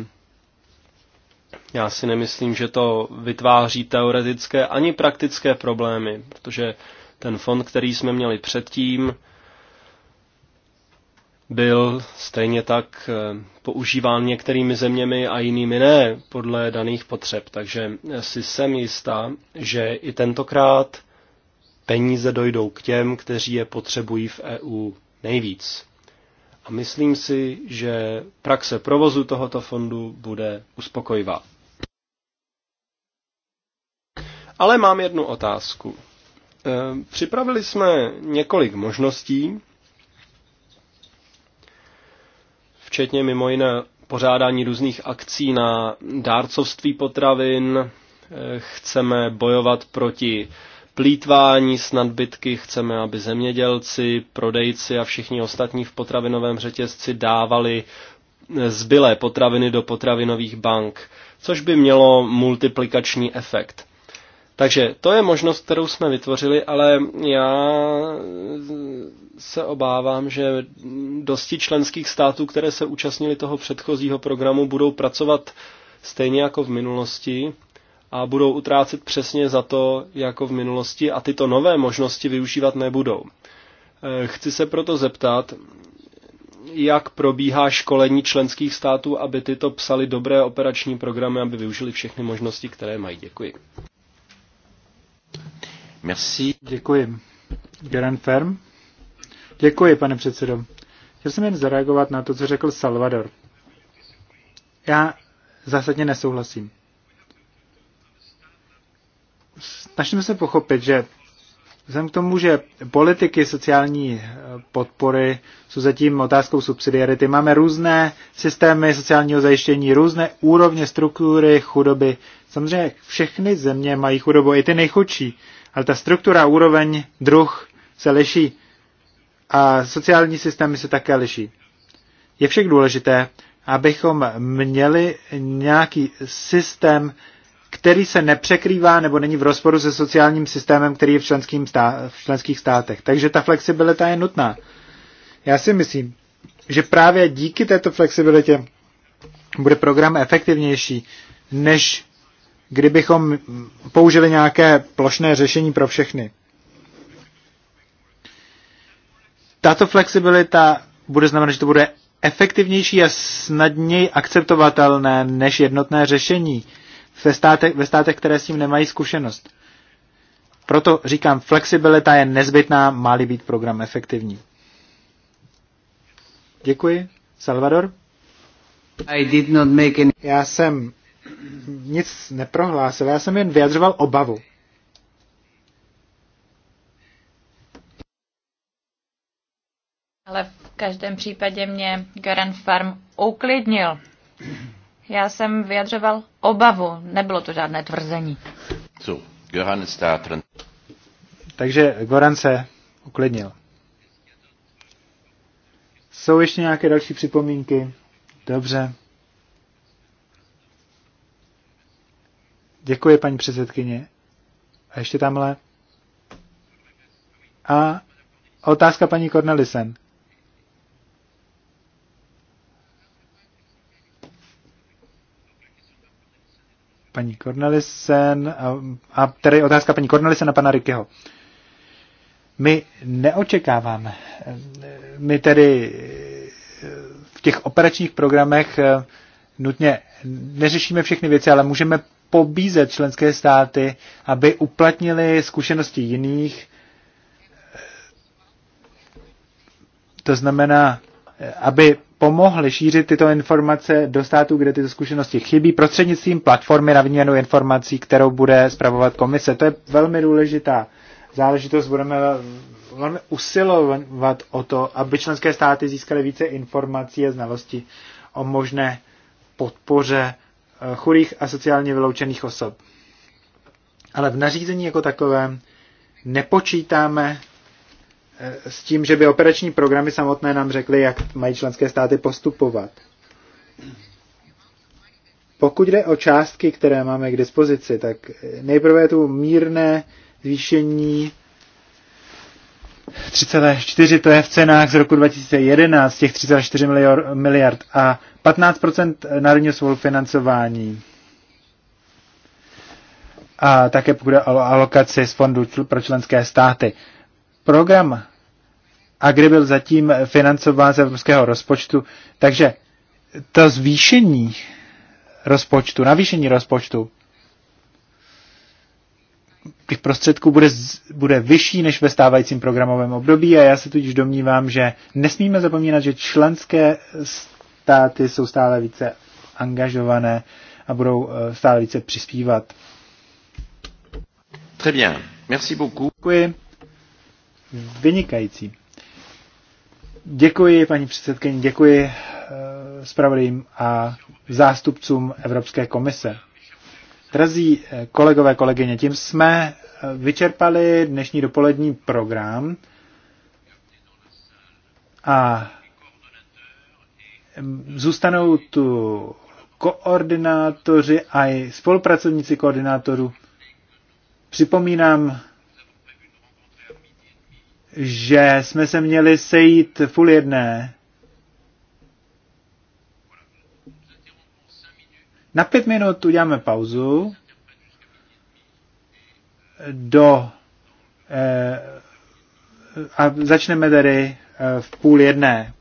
já si nemyslím, že to vytváří teoretické ani praktické problémy, protože ten fond, který jsme měli předtím, byl stejně tak eh, používán některými zeměmi a jinými ne, podle daných potřeb. Takže si jsem jistá, že i tentokrát peníze dojdou k těm, kteří je potřebují v EU nejvíc. A myslím si, že praxe provozu tohoto fondu bude uspokojivá. Ale mám jednu otázku. E, připravili jsme několik možností, včetně mimo jiné pořádání různých akcí na dárcovství potravin, e, chceme bojovat proti plítvání s nadbytky, chceme, aby zemědělci, prodejci a všichni ostatní v potravinovém řetězci dávali zbylé potraviny do potravinových bank, což by mělo multiplikační efekt. Takže to je možnost, kterou jsme vytvořili, ale já se obávám, že dosti členských států, které se účastnili toho předchozího programu, budou pracovat stejně jako v minulosti, a budou utrácet přesně za to, jako v minulosti, a tyto nové možnosti využívat nebudou. Eh, chci se proto zeptat, jak probíhá školení členských států, aby tyto psali dobré operační programy, aby využili všechny možnosti, které mají. Děkuji. Merci. Děkuji. Grand Ferm. Děkuji, pane předsedo. Chtěl jsem jen zareagovat na to, co řekl Salvador. Já zásadně nesouhlasím snažíme se pochopit, že vzhledem k tomu, že politiky sociální eh, podpory jsou zatím otázkou subsidiarity, máme různé systémy sociálního zajištění, různé úrovně struktury chudoby. Samozřejmě všechny země mají chudobu, i ty nejchudší, ale ta struktura, úroveň, druh se liší a sociální systémy se také liší. Je však důležité, abychom měli nějaký systém který se nepřekrývá nebo není v rozporu se sociálním systémem, který je v, členským stá- v členských státech. Takže ta flexibilita je nutná. Já si myslím, že právě díky této flexibilitě bude program efektivnější, než kdybychom použili nějaké plošné řešení pro všechny. Tato flexibilita bude znamenat, že to bude efektivnější a snadněji akceptovatelné než jednotné řešení ve státech, ve státech, které s tím nemají zkušenost. Proto říkám, flexibilita je nezbytná, má-li být program efektivní. Děkuji. Salvador? I did not make any... Já jsem nic neprohlásil, já jsem jen vyjadřoval obavu. Ale v každém případě mě Garant Farm uklidnil. Já jsem vyjadřoval obavu, nebylo to žádné tvrzení. So, Göran Takže Goran se uklidnil. Jsou ještě nějaké další připomínky? Dobře. Děkuji, paní předsedkyně. A ještě tamhle. A otázka paní Cornelisen. paní Cornelisen a, a tady otázka paní Cornelisen a pana Rikyho. My neočekáváme, my tedy v těch operačních programech eh, nutně neřešíme všechny věci, ale můžeme pobízet členské státy, aby uplatnili zkušenosti jiných. To znamená, eh, aby pomohli šířit tyto informace do států, kde tyto zkušenosti chybí, prostřednictvím platformy na výměnu informací, kterou bude zpravovat komise. To je velmi důležitá záležitost. Budeme velmi usilovat o to, aby členské státy získaly více informací a znalosti o možné podpoře eh, chudých a sociálně vyloučených osob. Ale v nařízení jako takovém nepočítáme s tím, že by operační programy samotné nám řekly, jak mají členské státy postupovat. Pokud jde o částky, které máme k dispozici, tak nejprve je tu mírné zvýšení 3,4, to je v cenách z roku 2011, těch 3,4 miliard a 15% národního spolufinancování. A také pokud jde o alokaci z fondu pro členské státy. Program a kdy byl zatím financován z evropského rozpočtu. Takže to zvýšení rozpočtu, navýšení rozpočtu těch prostředků bude, bude vyšší než ve stávajícím programovém období a já se tudíž domnívám, že nesmíme zapomínat, že členské státy jsou stále více angažované a budou eh, stále více přispívat. Très bien. Merci beaucoup. Děkuji. Vynikající. Děkuji, paní předsedkyně, děkuji eh, zpravodajím a zástupcům Evropské komise. Drazí eh, kolegové, kolegyně, tím jsme eh, vyčerpali dnešní dopolední program a mm, zůstanou tu koordinátoři a i spolupracovníci koordinátorů. Připomínám, že jsme se měli sejít full půl jedné. Na pět minut uděláme pauzu do eh, a začneme tedy eh, v půl jedné.